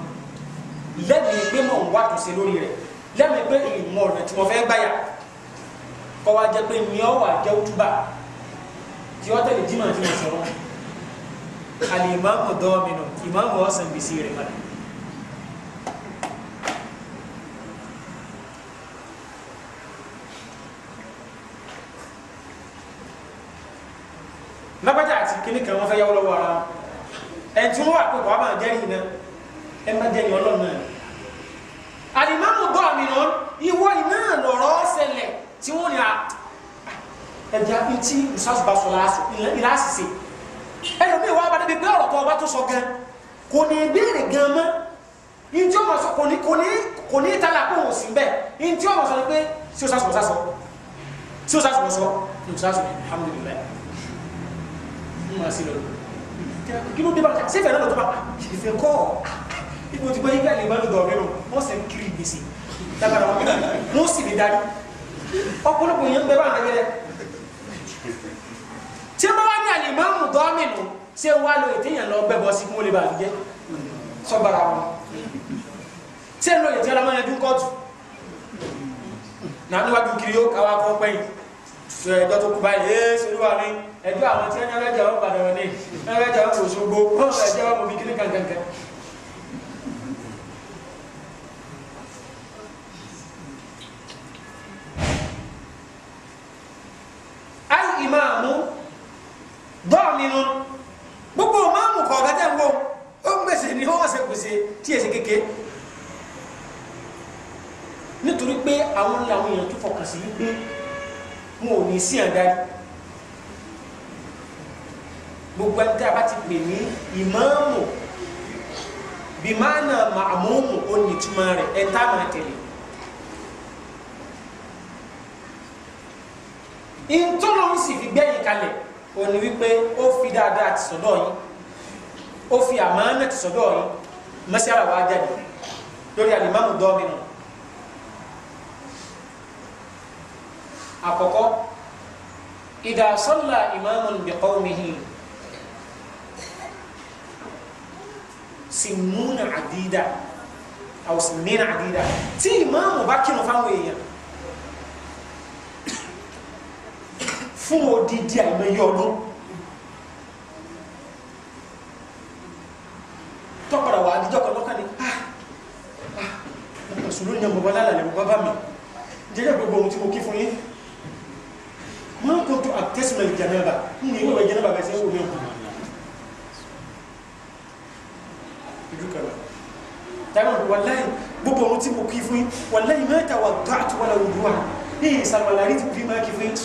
lẹ́mìí pé mò ń wá àtúnṣe lórí rẹ̀ lẹ́mìí pé ìmọ̀ ọ̀nà tí mo fẹ́ gbáyà kọ́ wa jẹ́ pé ní ọ̀wà jẹ́ òtúbà tí ọ tẹ̀lé jimá tí mo sọ̀rọ̀ alimamu domino imamu wa san bisire mana lápájá àti kini kan wọ́n fẹ́ yáwó lọ́wọ́ ara ẹni tí wọ́n wà pé bàbá jẹ́rìí iná ẹ má jẹ́rìí ọlọ́run náà alimamu domino ìwọ iná lọ̀rọ̀ ṣẹlẹ̀ tí wọ́n ní a ẹ̀jẹ̀ apẹ̀tì ìsọ́sibasọ̀ ìlàsìsẹ́ ẹlòmíì wà bá débi pé ọ̀rọ̀ kan ọba tó sọ gan kò ní béèrè gan mọ́ ntí ọmọ sọ kò ní kò ní kò ní ìtàlá kó wò sí bẹ́ẹ̀ ntí ọmọ sọ ni pé sí o sásùmọ̀ sásọ sí o sásùmọ̀ sọ ní o sásùmọ̀ alhamdulilayi n ma sí lọ kí ló dé bá ṣé ìfẹ́ náà lọ tó bá ìfẹ́ kọ́ ibi tí gbẹ́yìn gbẹ́yìn ìbálò dọ̀ mìíràn wọ́n sì ń kiri gbèsè dábàá wọn wọ́n sì lè darí ọ̀pọ̀lọpọ̀ èèyàn ń bẹ bá àgbẹ̀rẹ̀ tí wọ́n bá ní àlè máàmù dọ́mìnù ṣé wà ló ètèyàn lọ gbẹ́bọ sí kúmọ́lé bá jẹ́ sọ́bàrà wọn ṣé ló ètè ọlọ́mọ yẹn dún kọ́ọ̀tù náà níwájú kiri yóò káwá kọ́ pẹ́yìn sọ ẹjọ́ tó kú báyìí ẹ́ sọ́dún wà ní ẹjọ́ àwọn tí wọ́n ń yára jẹ́ wọn padà wọn ní ẹjọ́ wọn kò ẹjọ́ wọn mọ̀ kíní kankan. nínú gbogbo máàmù kọ̀ọ̀kan tẹ̀ ń bọ̀ ó ń gbèsè ní wọ́n ṣe gbèsè tí èsì kéke nítorí pé àwọn làwọn èèyàn tó fọkàn sí wípé wọn ò ní sí àdáyé gbogbo ẹni tí a bá ti pè ní ìmáàmù bimaana maamumu onituma rẹ̀ ẹta máa tẹ̀lé ntọ́lọ́hún sì fi gbẹ̀yìn kalẹ̀ ó ní wípé ó fi dáadáa ti sọ́dọ̀ yín ó fi àmánà ti sọ́dọ̀ yín mọ́sálà wàá jáde lórí àlìmáàmù dọ́ọ̀mìnà àkọ́kọ́ ìdá sọ́là ìmáàmù biqawmihi sinnuna àdídà àwọn sinnina àdídà tí ìmáàmù bá kírun fáwọn èèyàn fún odidi àìmọye ọdún tọ́padà wà àdíjọ́ kan lọ́kàn ní àṣùlù ní ọmọ bọ́lá lálẹ́ bàbá mi jẹ́jẹ́ gbogbo ohun tí mo kí fún yín máa ń kó tó àtẹ́sùn ẹ̀jẹ̀ jẹ́nẹ́bà ń ní ìwé jẹ́nẹ́bà bẹ́ẹ̀ sí ẹ̀wọ̀n mi ọkùnrin ìlú kan táwọn wàláì gbogbo ohun tí mo kí fún yín wàláì mẹ́ta wà gbáàtú wà láwùjọ wà ní ìsàlùwàlà rí ti bí máa kí fún yín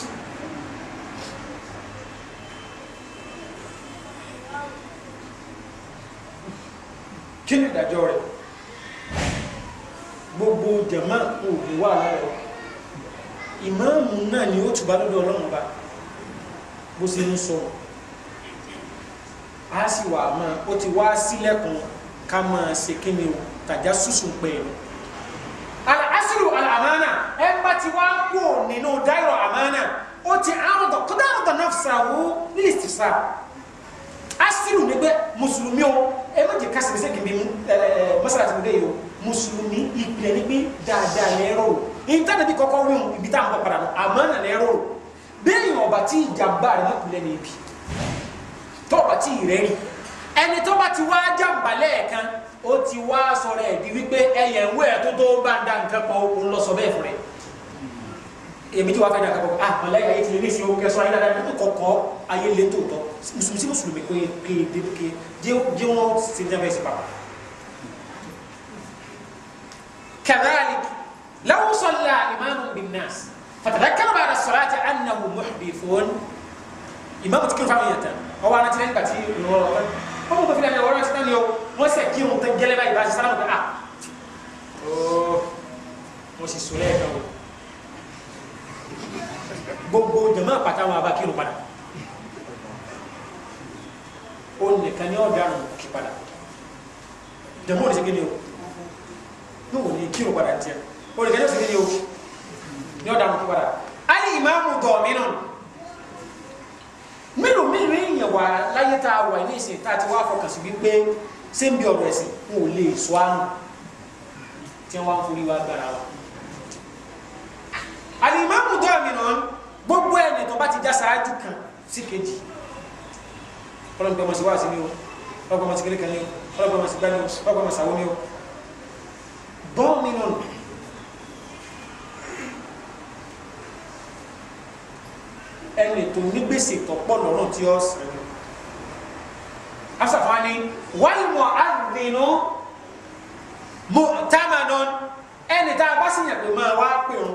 kí ni ìdájọ́ gbogbo jama òògùn wà ala rẹ̀ ìmáàmù náà ni ó tùbá lọ́dọ̀ ọlọ́run bá bó ṣe ń sọ a sì wà ó ti wá sílẹ̀kùn ká máa ṣe o tàjá sùsùn ala alásìrò àmàna ẹ bá ti wá kú nínú dáìrọ̀ àmàna ó ti àrùn tó kọ́dà àrùn náà ní asiru ni pé mùsùlùmí o ẹ má jẹ kásìrì sẹ́kì bí mọ́sálásí mi dé yìí o mùsùlùmí ìpìlẹ̀ ni pé dáadáa ní ẹ̀rọ o níta níbi kọ́kọ́ wíwọ̀n ibi tá à ń bọ̀ padà àmọ́ nà ní ẹ̀rọ o bẹ́ẹ̀yìn ọba tí ìjàmbá rẹ̀ má kulẹ̀ ní ibi tọ́ọ̀bà tí ì rẹ̀ rí ẹni tó bá ti wá jàǹbá lẹ́ẹ̀kan ó ti wá sọ̀rọ̀ ẹ̀ bí wípé ẹ̀yẹ̀ ń wẹ̀ tó tó bá ń da nǹkan pa ó ń lọ sọ bẹ́ẹ̀ èmi tí wàá fẹ́ràn àkàkọ́ ah wọn ayé ti lè ṣe oúnjẹ sọ ayé dáadáa nínú kọ̀ọ̀kọ́ ayé lè tó tọ́ mùsùlùmí sí mùsùlùmí pé pé débùké jẹ́ wọ́n ṣe jẹ́ fẹ́ẹ́ sí papọ̀. كذلك لو صلى إمام بالناس فتذكر بعد الصلاة أنه محدث إمام تكون فاهمية أو أنا تلاقي باتي ọmọ bọ̀ fi lẹ́yìn ọ̀rọ̀ ẹ̀sìn náà ni o wọ́n sẹ̀ kí ohun tó gẹ́lẹ́ báyìí bá ṣe sálámù pé ah ooo mo sì sọ lẹ́yìn náà gbogbo jama pata wọn a bá kírun padà ó nìkan n'i ọ̀daràn jama o ní òun ní kírun padà tiẹ̀ òní kan ní o ní ọ̀daràn kí padà ali ìmáàmù dọ̀ mí náà mélòó mélòó èèyàn wà láyé tá a wà ní ìsìn ti wá fọkàn sí wípé ṣé n ò lè sọ àánú tí wọ́n á ń alimamu dọ́ọ̀mìnà gbogbo ẹni tó bá ti já sáájú kan sí kejì ọlọ́gbọ́n ọmọ sí wáàsí ni o ọlọ́gbọ́n ọmọ sí kékeré kan ni o ọlọ́gbọ́n ọmọ sí gbani o ọlọ́gbọ́n ọmọ sí àwọn ni o dọ́ọ̀mìnà ẹni tó ní gbèsè tọ́pọ̀ lọ́rùn tí ó sàn asafani wàlúwọ̀ àdínú mọ̀tàmánà ẹni tá a bá sì yàn pé máa wá pè wọn.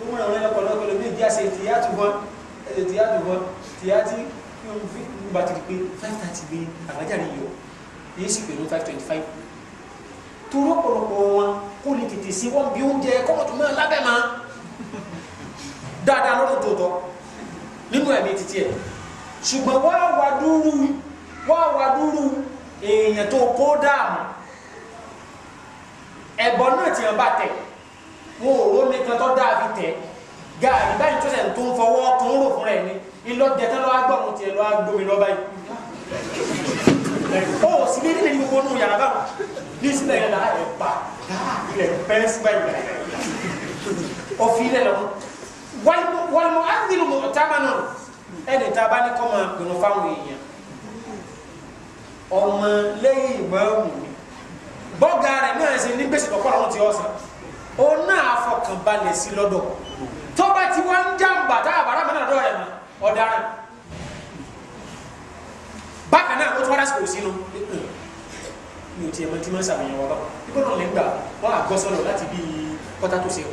ó múra wọn lọ́pọ̀ lọ́pọ̀ ìdí àṣẹ tìyàtù wọn ẹ̀ṣẹ̀ tìyàtù wọn tìyàtì kí wọ́n fi ń ti di pé five thirty ni àbájáde yọ yìí sì pẹ̀lú five twenty five torí ọ̀pọ̀lọpọ̀ wọn kó lè tètè sí wọn bí oúnjẹ kọ́mọ̀tò mọ́ lábẹ́ máa dáadáa lọ́dún tó tọ́ nínú ẹ̀mí títí ẹ̀ ṣùgbọ́n wá wà dúró wá wà dúró èèyàn tó kó dáàmú ẹ̀bọ náà ti hàn bá tẹ̀ wọn ò ró nìkan tó dáa fi tẹ̀ gaari báyìí tó sẹ̀ tó ń fọwọ́ kan rò fún rẹ̀ ni ìlọ́jẹ̀tẹ̀ lọ́wọ́ agbọ̀n tiẹ̀ lọ́wọ́ agbómi lọ́ báyìí ó sì ní nílẹ̀ ní gbogbo nù yàrá báwọn ní sílẹ̀ yẹn náà ẹ̀ pa ilẹ̀ pẹ́ẹ́sì báyìí ọ̀fi ilẹ̀ lọ́wọ́ wàlùmọ̀ ádìlù mọ̀tàmánù ẹni tá a bá ní kọ́ máa pinnu fáwọn èèyàn ọmọ lẹ́yìn ìmọ̀ ọ̀hún bọ́gà rẹ̀ náà ṣe ní gbèsè kọ́kọ́ àwọn ti ọ̀sán o na afọkànbalẹ̀ sí lọ́dọ̀ tọ́ba tí wọ́n ń jàǹbá tá àbára mi náà dọ̀ ẹ̀ mọ́ ọ̀daràn bákan náà ó tún wá lásìkò sínú mi ò tiẹ̀ mọ tí sàmìyàn wa bá náà lẹ́gbà wọ́n á gbọ́ sọ́nà láti bí kọ́tà tó ṣe o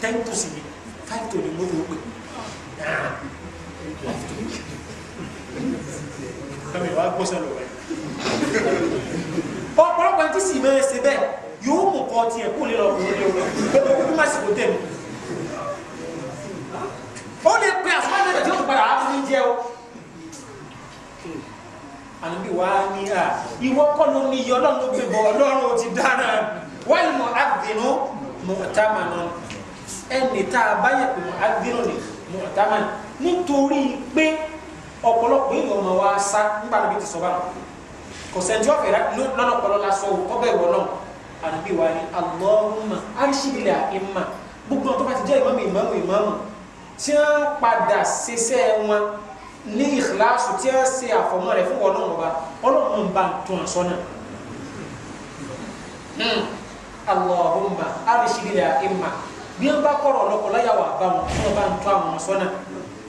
ten to sí mi five to ni mo tó pè kọ́mi wàá gbọ́ sọ́nà rẹ̀ ọ̀pọ̀lọpọ̀ ẹni tí sì máa ń ṣe yóò mú kọ́ tiẹ̀ kó lè lọ kó lè wọ gbogbo kúkú má sì kó tẹ̀ mí. ó lè pe àsùnwó àti ẹ̀jẹ̀ tó padà á fún jẹ́ o. àníbí wa ni à ìwọ kọ́ ló ní iye ọlọ́run ló gbé bọ̀ ọlọ́run ò ti dára wáyé mọ̀ àgbẹ̀nú mọ̀ ọ̀tá màná ẹnì tá a bá yẹ pé mọ̀ àgbẹ̀nú ni mọ̀ ọ̀tá màná nítorí pé ọ̀pọ̀lọpọ̀ èèyàn ọmọ wa sá nígbà tó bí ti sọ báwọn kò sẹ́ńtì ọ̀fẹ́ lọ́nà ọ̀pọ̀lọ́ la sọ òkọ́ bẹ́ẹ̀ wọ̀ náà ànábì wa ni Allahumma arṣibila imma gbogbo ọtọ́ bá ti jẹ́ ìmáàmù ìmáàmù ìmáàmù tí wọ́n padà ṣiṣẹ́ wọn ní ìkìláàsù tí wọ́n ṣe àfọ̀mọ́ rẹ̀ fún ọlọ́run ọba ọlọ́run ń bá tún àṣọ náà. Hmm. Allahumma arṣibila imma bí wọ́n bá kọ̀rọ̀ ọlọ́kọ̀ láyàwó àbáwọn tí wọ́n bá tún àwọn àṣọ náà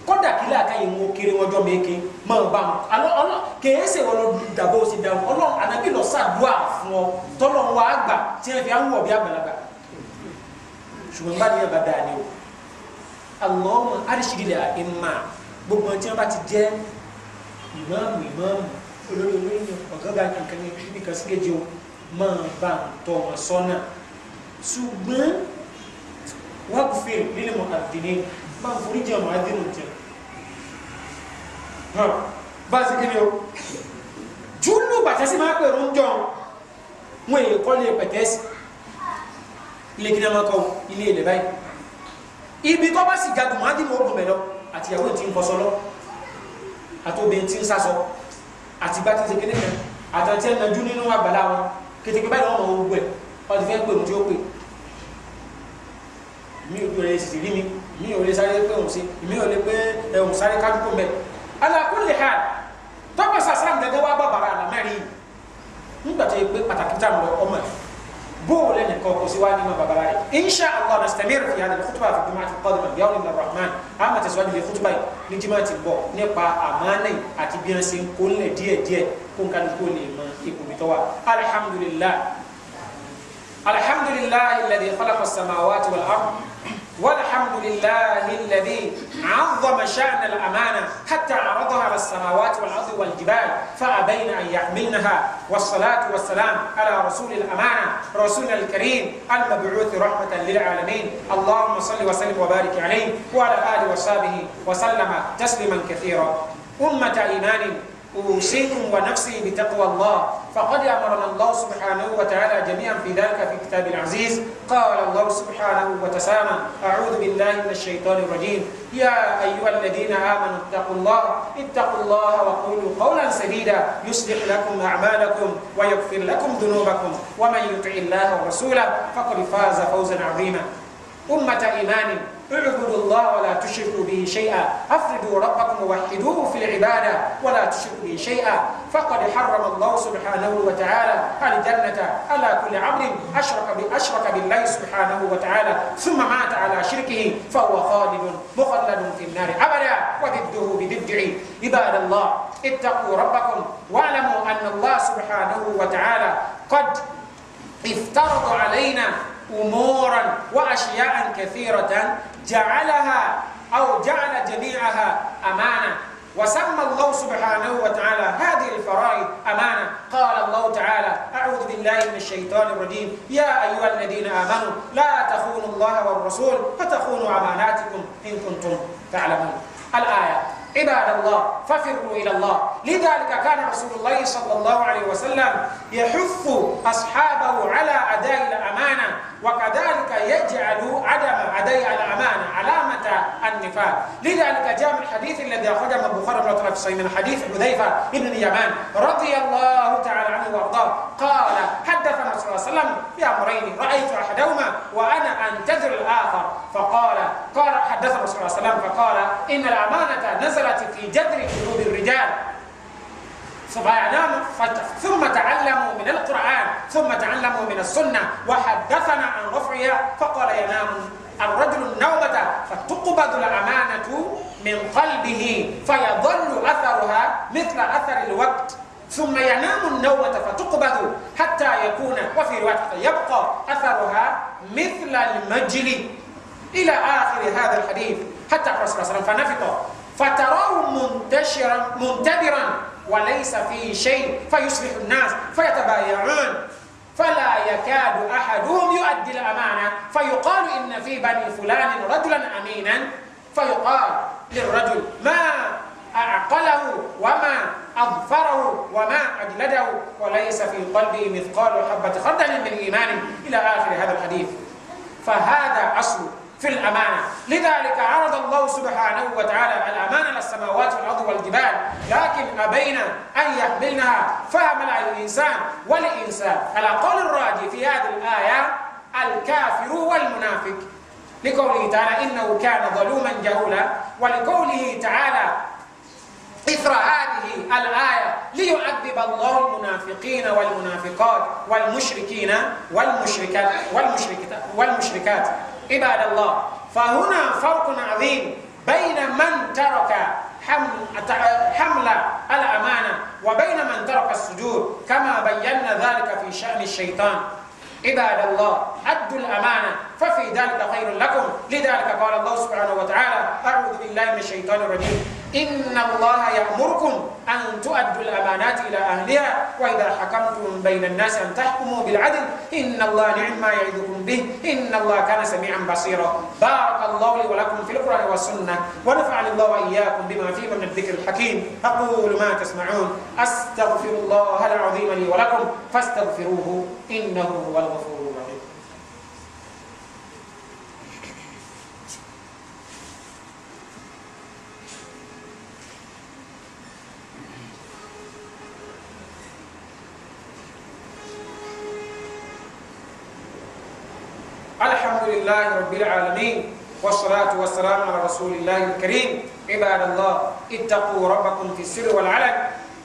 kọ́dà kí làákàyè wọn kéré wọn jọ mẹ́ẹ̀kẹ́ máa bá wọn alọ́ ọlọ́ kèése wọn lọ dàbọ̀ ó sì dà wọn ọlọ́ ànábì lọ sàdúà fún ọ tọ́lọ̀ wọn àgbà tí wọn fi àwọn ọ̀bí àgbàlagbà ṣùgbọ́n bá nìyẹn bá dáa ni o alọ́mọ àríṣìírílẹ̀ ìmà gbogbo tí wọn bá ti jẹ́ ìmáàmù ìmáàmù olórí olóyìn ọ̀gá kankan ní nìkan síkejì o máa bá tọ́ wọn sọ́nà ṣùgbọ́n wákùfẹ́ nílẹ̀ mọ́ àdínní máa forí jẹ́ mọ́ àdínní jẹ́ bá a ti kí ni o júlù pàtẹ́sí máa pèrò ń jọ wọn èyí kọ́ lè pẹ̀tẹ́sì ilé kí a máa kọ́ ilé ilẹ̀ báyìí ibi tó bá sì ga gùn máa dì mọ́ ogun mẹ́lọ àtìyàwó ti ń bọ́ sọlọ́ àtòbìn ti ń sásọ àtìgbà ti ń ṣe kéde kan àtàntí ẹ̀ nàjú nínú àgbàlá wọn kétéké báyìí wọn mọ ogun ẹ̀ wọn ti fẹ́ pè mí tí ó pè mí ò lè sì rí mi mí ò lè sáré pé òun ṣe mí ò lè pé ẹ̀hún eh, sáré kájú kó mẹ́ẹ̀ ala kulli hal tọ́gbà sàṣà gẹ́gẹ́ wá bá bàrà àná mẹ́rin nígbà tó yẹ pé pàtàkì tá à ń lọ ọmọ rẹ بول ان كوكوس واني ما ببلاي ان شاء الله نستمر في هذه الخطبه في الجمعه القادمه بيوم الرحمن اما تسواد في الخطبه لجماعه بو نيبا اماني اتي بيان سين كل دي دي كون كان كل ما يكون بتوا الحمد لله الحمد لله الذي خلق السماوات والارض والحمد لله الذي عظم شأن الأمانة حتى عرضها على السماوات والأرض والجبال فأبين أن يحملنها والصلاة والسلام على رسول الأمانة رسولنا الكريم المبعوث رحمة للعالمين اللهم صل وسلم وبارك عليه وعلى آله وصحبه وسلم تسليما كثيرا أمة إيمان أوصيكم ونفسي بتقوى الله فقد أمرنا الله سبحانه وتعالى جميعا في ذلك في كتاب العزيز قال الله سبحانه وتسامى أعوذ بالله من الشيطان الرجيم يا أيها الذين آمنوا اتقوا الله اتقوا الله وقولوا قولا سديدا يصلح لكم أعمالكم ويغفر لكم ذنوبكم ومن يطع الله ورسوله فقد فاز فوزا عظيما أمة إيمان اعبدوا الله ولا تشركوا به شيئا افردوا ربكم ووحدوه في العباده ولا تشركوا به شيئا فقد حرم الله سبحانه وتعالى الجنه على كل عبد اشرك اشرك بالله سبحانه وتعالى ثم مات على شركه فهو خالد مخلد في النار ابدا وضده بضده عباد الله اتقوا ربكم واعلموا ان الله سبحانه وتعالى قد افترض علينا امورا واشياء كثيره جعلها أو جعل جميعها أمانة وسمى الله سبحانه وتعالى هذه الفرائض أمانة قال الله تعالى أعوذ بالله من الشيطان الرجيم يا أيها الذين آمنوا لا تخونوا الله والرسول فتخونوا أماناتكم إن كنتم تعلمون الآية عباد الله ففروا إلى الله لذلك كان رسول الله صلى الله عليه وسلم يحث أصحابه على أداء الأمانة وكذلك يجعل عدم أداء الأمانة علامة النفاق لذلك جاء من الحديث الذي أخرجه من البخاري رحمه في صحيح من حديث حذيفة بن اليمان رضي الله تعالى عنه وأرضاه قال حدثنا صلى الله عليه وسلم بأمرين رأيت أحدهما وأنا أنتظر الآخر فقال قال حدث الرسول صلى الله عليه وسلم فقال إن الأمانة نزلت في جذر قلوب الرجال ثم تعلموا من القرآن ثم تعلموا من السنة وحدثنا عن رفعها فقال ينام الرجل النوبة فتقبض الأمانة من قلبه فيظل أثرها مثل أثر الوقت ثم ينام النوبة فتقبض حتى يكون وفي رواية يبقى أثرها مثل المجلي إلى آخر هذا الحديث حتى الرسول صلى الله عليه وسلم فنفط فتراه منتشرا منتبرا وليس فيه شيء فيصبح الناس فيتبايعون فلا يكاد أحدهم يؤدي الأمانة فيقال إن في بني فلان رجلا أمينا فيقال للرجل ما أعقله وما أظفره وما أجلده وليس في قلبه مثقال حبة خردل من إيمان إلى آخر هذا الحديث فهذا أصل في الأمانة لذلك عرض الله سبحانه وتعالى الأمانة للسماوات والأرض والجبال لكن أبينا أن يحملنها فهملها الإنسان والإنسان على قول الراجي في هذه الآية الكافر والمنافق لقوله تعالى إنه كان ظلوما جهولا ولقوله تعالى إثر هذه الآية ليعذب الله المنافقين والمنافقات والمشركين والمشركات والمشركات, والمشركات عباد الله فهنا فرق عظيم بين من ترك حمل الأمانة وبين من ترك السجود كما بينا ذلك في شأن الشيطان عباد الله أدوا الأمانة ففي ذلك خير لكم لذلك قال الله سبحانه وتعالى أعوذ بالله من الشيطان الرجيم إن الله يأمركم أن تؤدوا الأمانات إلى أهلها وإذا حكمتم بين الناس أن تحكموا بالعدل إن الله نعم ما يعظكم به إن الله كان سميعا بصيرا بارك الله لي ولكم في القرآن والسنة ونفعني الله وإياكم بما فيه من الذكر الحكيم أقول ما تسمعون أستغفر الله العظيم لي ولكم فاستغفروه إنه هو الغفور العالمين والصلاة والسلام على رسول الله الكريم عباد الله اتقوا ربكم في السر والعلن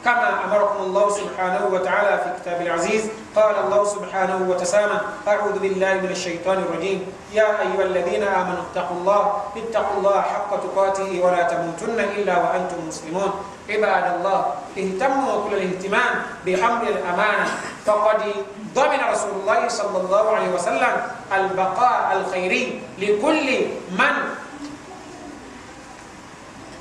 كما أمركم الله سبحانه وتعالى في كتاب العزيز قال الله سبحانه وتسامى أعوذ بالله من الشيطان الرجيم يا أيها الذين آمنوا اتقوا الله اتقوا الله حق تقاته ولا تموتن إلا وأنتم مسلمون عباد الله اهتموا كل الاهتمام بحمل الأمانة فقد ضمن رسول الله صلى الله عليه وسلم البقاء الخيري لكل من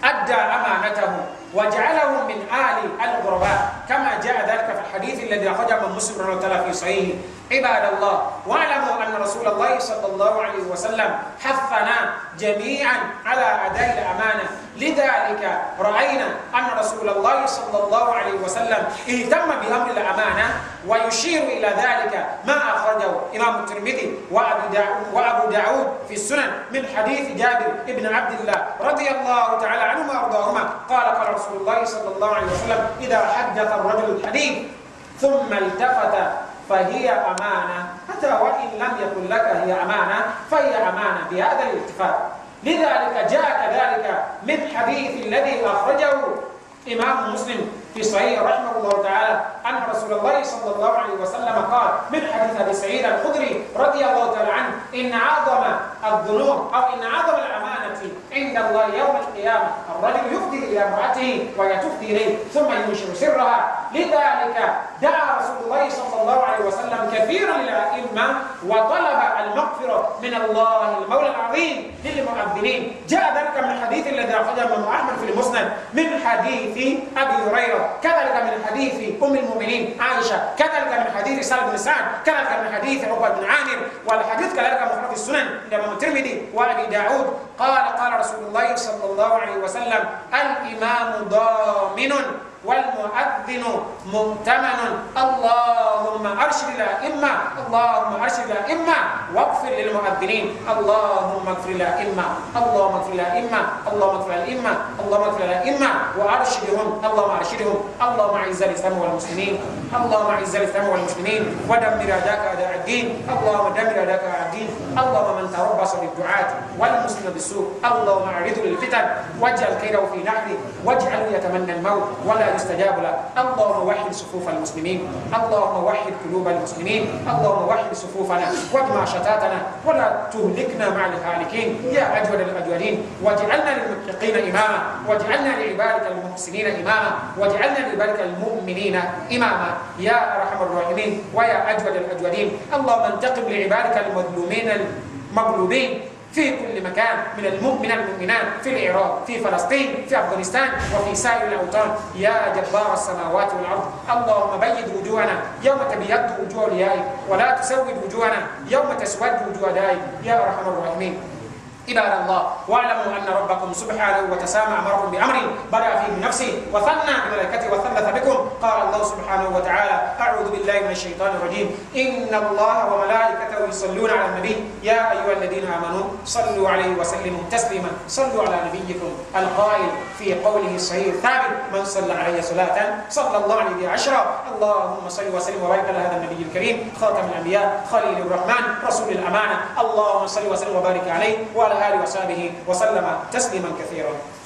أدى أمانته وجعله من آل الغرباء كما جاء ذلك في الحديث الذي أخرجه من مسلم رحمه الله في صحيحه عباد الله واعلموا أن رسول الله صلى الله عليه وسلم حثنا جميعا على أداء الأمانة لذلك رأينا أن رسول الله صلى الله عليه وسلم اهتم بأمر الأمانة ويشير إلى ذلك ما أخرجه إمام الترمذي وأبو داود في السنن من حديث جابر بن عبد الله رضي الله تعالى عنهما وأرضاهما قال قال رسول الله صلى الله عليه وسلم إذا حدث الرجل الحديث ثم التفت فهي أمانة حتى وإن لم يكن لك هي أمانة فهي أمانة بهذا الاتفاق لذلك جاء كذلك من حديث الذي أخرجه إمام مسلم في صحيح رحمه الله تعالى أن رسول الله صلى الله عليه وسلم قال من حديث أبي سعيد الخدري رضي الله تعالى عنه إن عظم الذنوب أو إن عظم الأمانة امرأته عند الله يوم القيامة الرجل يفدي إلى امرأته وهي تفدي إليه ثم ينشر سرها لذلك دعا رسول الله صلى الله عليه وسلم كثيرا للعلم الإيمان وطلب المغفرة من الله المولى العظيم للمؤذنين جاء ذلك من الحديث الذي أخرجه الإمام أحمد في المسند من حديث أبي هريرة كذلك من حديث أم المؤمنين عائشة كذلك من حديث سعد بن سعد كذلك من حديث عقبة بن عامر والحديث كذلك من حديث السنن عند الإمام الترمذي وأبي داود قال قال رسول الله صلى الله عليه وسلم الإمام ضامن والمؤذن مؤتمن اللهم ارشد الائمه اللهم ارشد الائمه واغفر للمؤذنين اللهم اغفر الائمه اللهم اغفر الائمه اللهم اغفر الائمه اللهم اغفر الائمه وارشدهم اللهم ارشدهم اللهم اعز الاسلام والمسلمين اللهم اعز الاسلام والمسلمين ودمر اعداءك اعداء الدين اللهم دمر اعداءك اعداء الدين اللهم من تربص بالدعاة والمسلم بالسوء اللهم اعرضه للفتن واجعل كيده في نحره واجعله يتمنى الموت ولا يستجاب لك اللهم وحد صفوف المسلمين اللهم وحد قلوب المسلمين اللهم وحد صفوفنا واجمع شتاتنا ولا تهلكنا مع الهالكين يا أجود الأجودين واجعلنا للمتقين إماما واجعلنا لعبادك المحسنين إماما واجعلنا لعبادك المؤمنين إماما يا أرحم الراحمين ويا أجود الأجودين اللهم انتقم لعبادك المظلومين المغلوبين في كل مكان من المؤمن المؤمنات في العراق في فلسطين في أفغانستان وفي سائر الأوطان يا جبار السماوات والأرض اللهم بيض وجوهنا يوم تبيض وجوه اوليائك ولا تسود وجوهنا يوم تسود وجوه دائك يا أرحم الراحمين عباد الله واعلموا أن ربكم سبحانه وتسامى أمركم بأمر بدأ فيه بنفسه وثنى بملائكته وثلث بكم قال الله سبحانه وتعالى أعوذ بالله من الشيطان الرجيم إن الله وملائكته يصلون على النبي يا أيها الذين آمنوا صلوا عليه وسلموا تسليما صلوا على نبيكم القائل في قوله الصحيح الثابت من صلى علي صلاة صلى الله عليه بها عشرة اللهم صل وسلم وبارك على هذا النبي الكريم خاتم الأنبياء خليل الرحمن رسول الأمانة اللهم صل وسلم وبارك عليه وعلى وعلى آله وصحبه وسلم تسليما كثيرا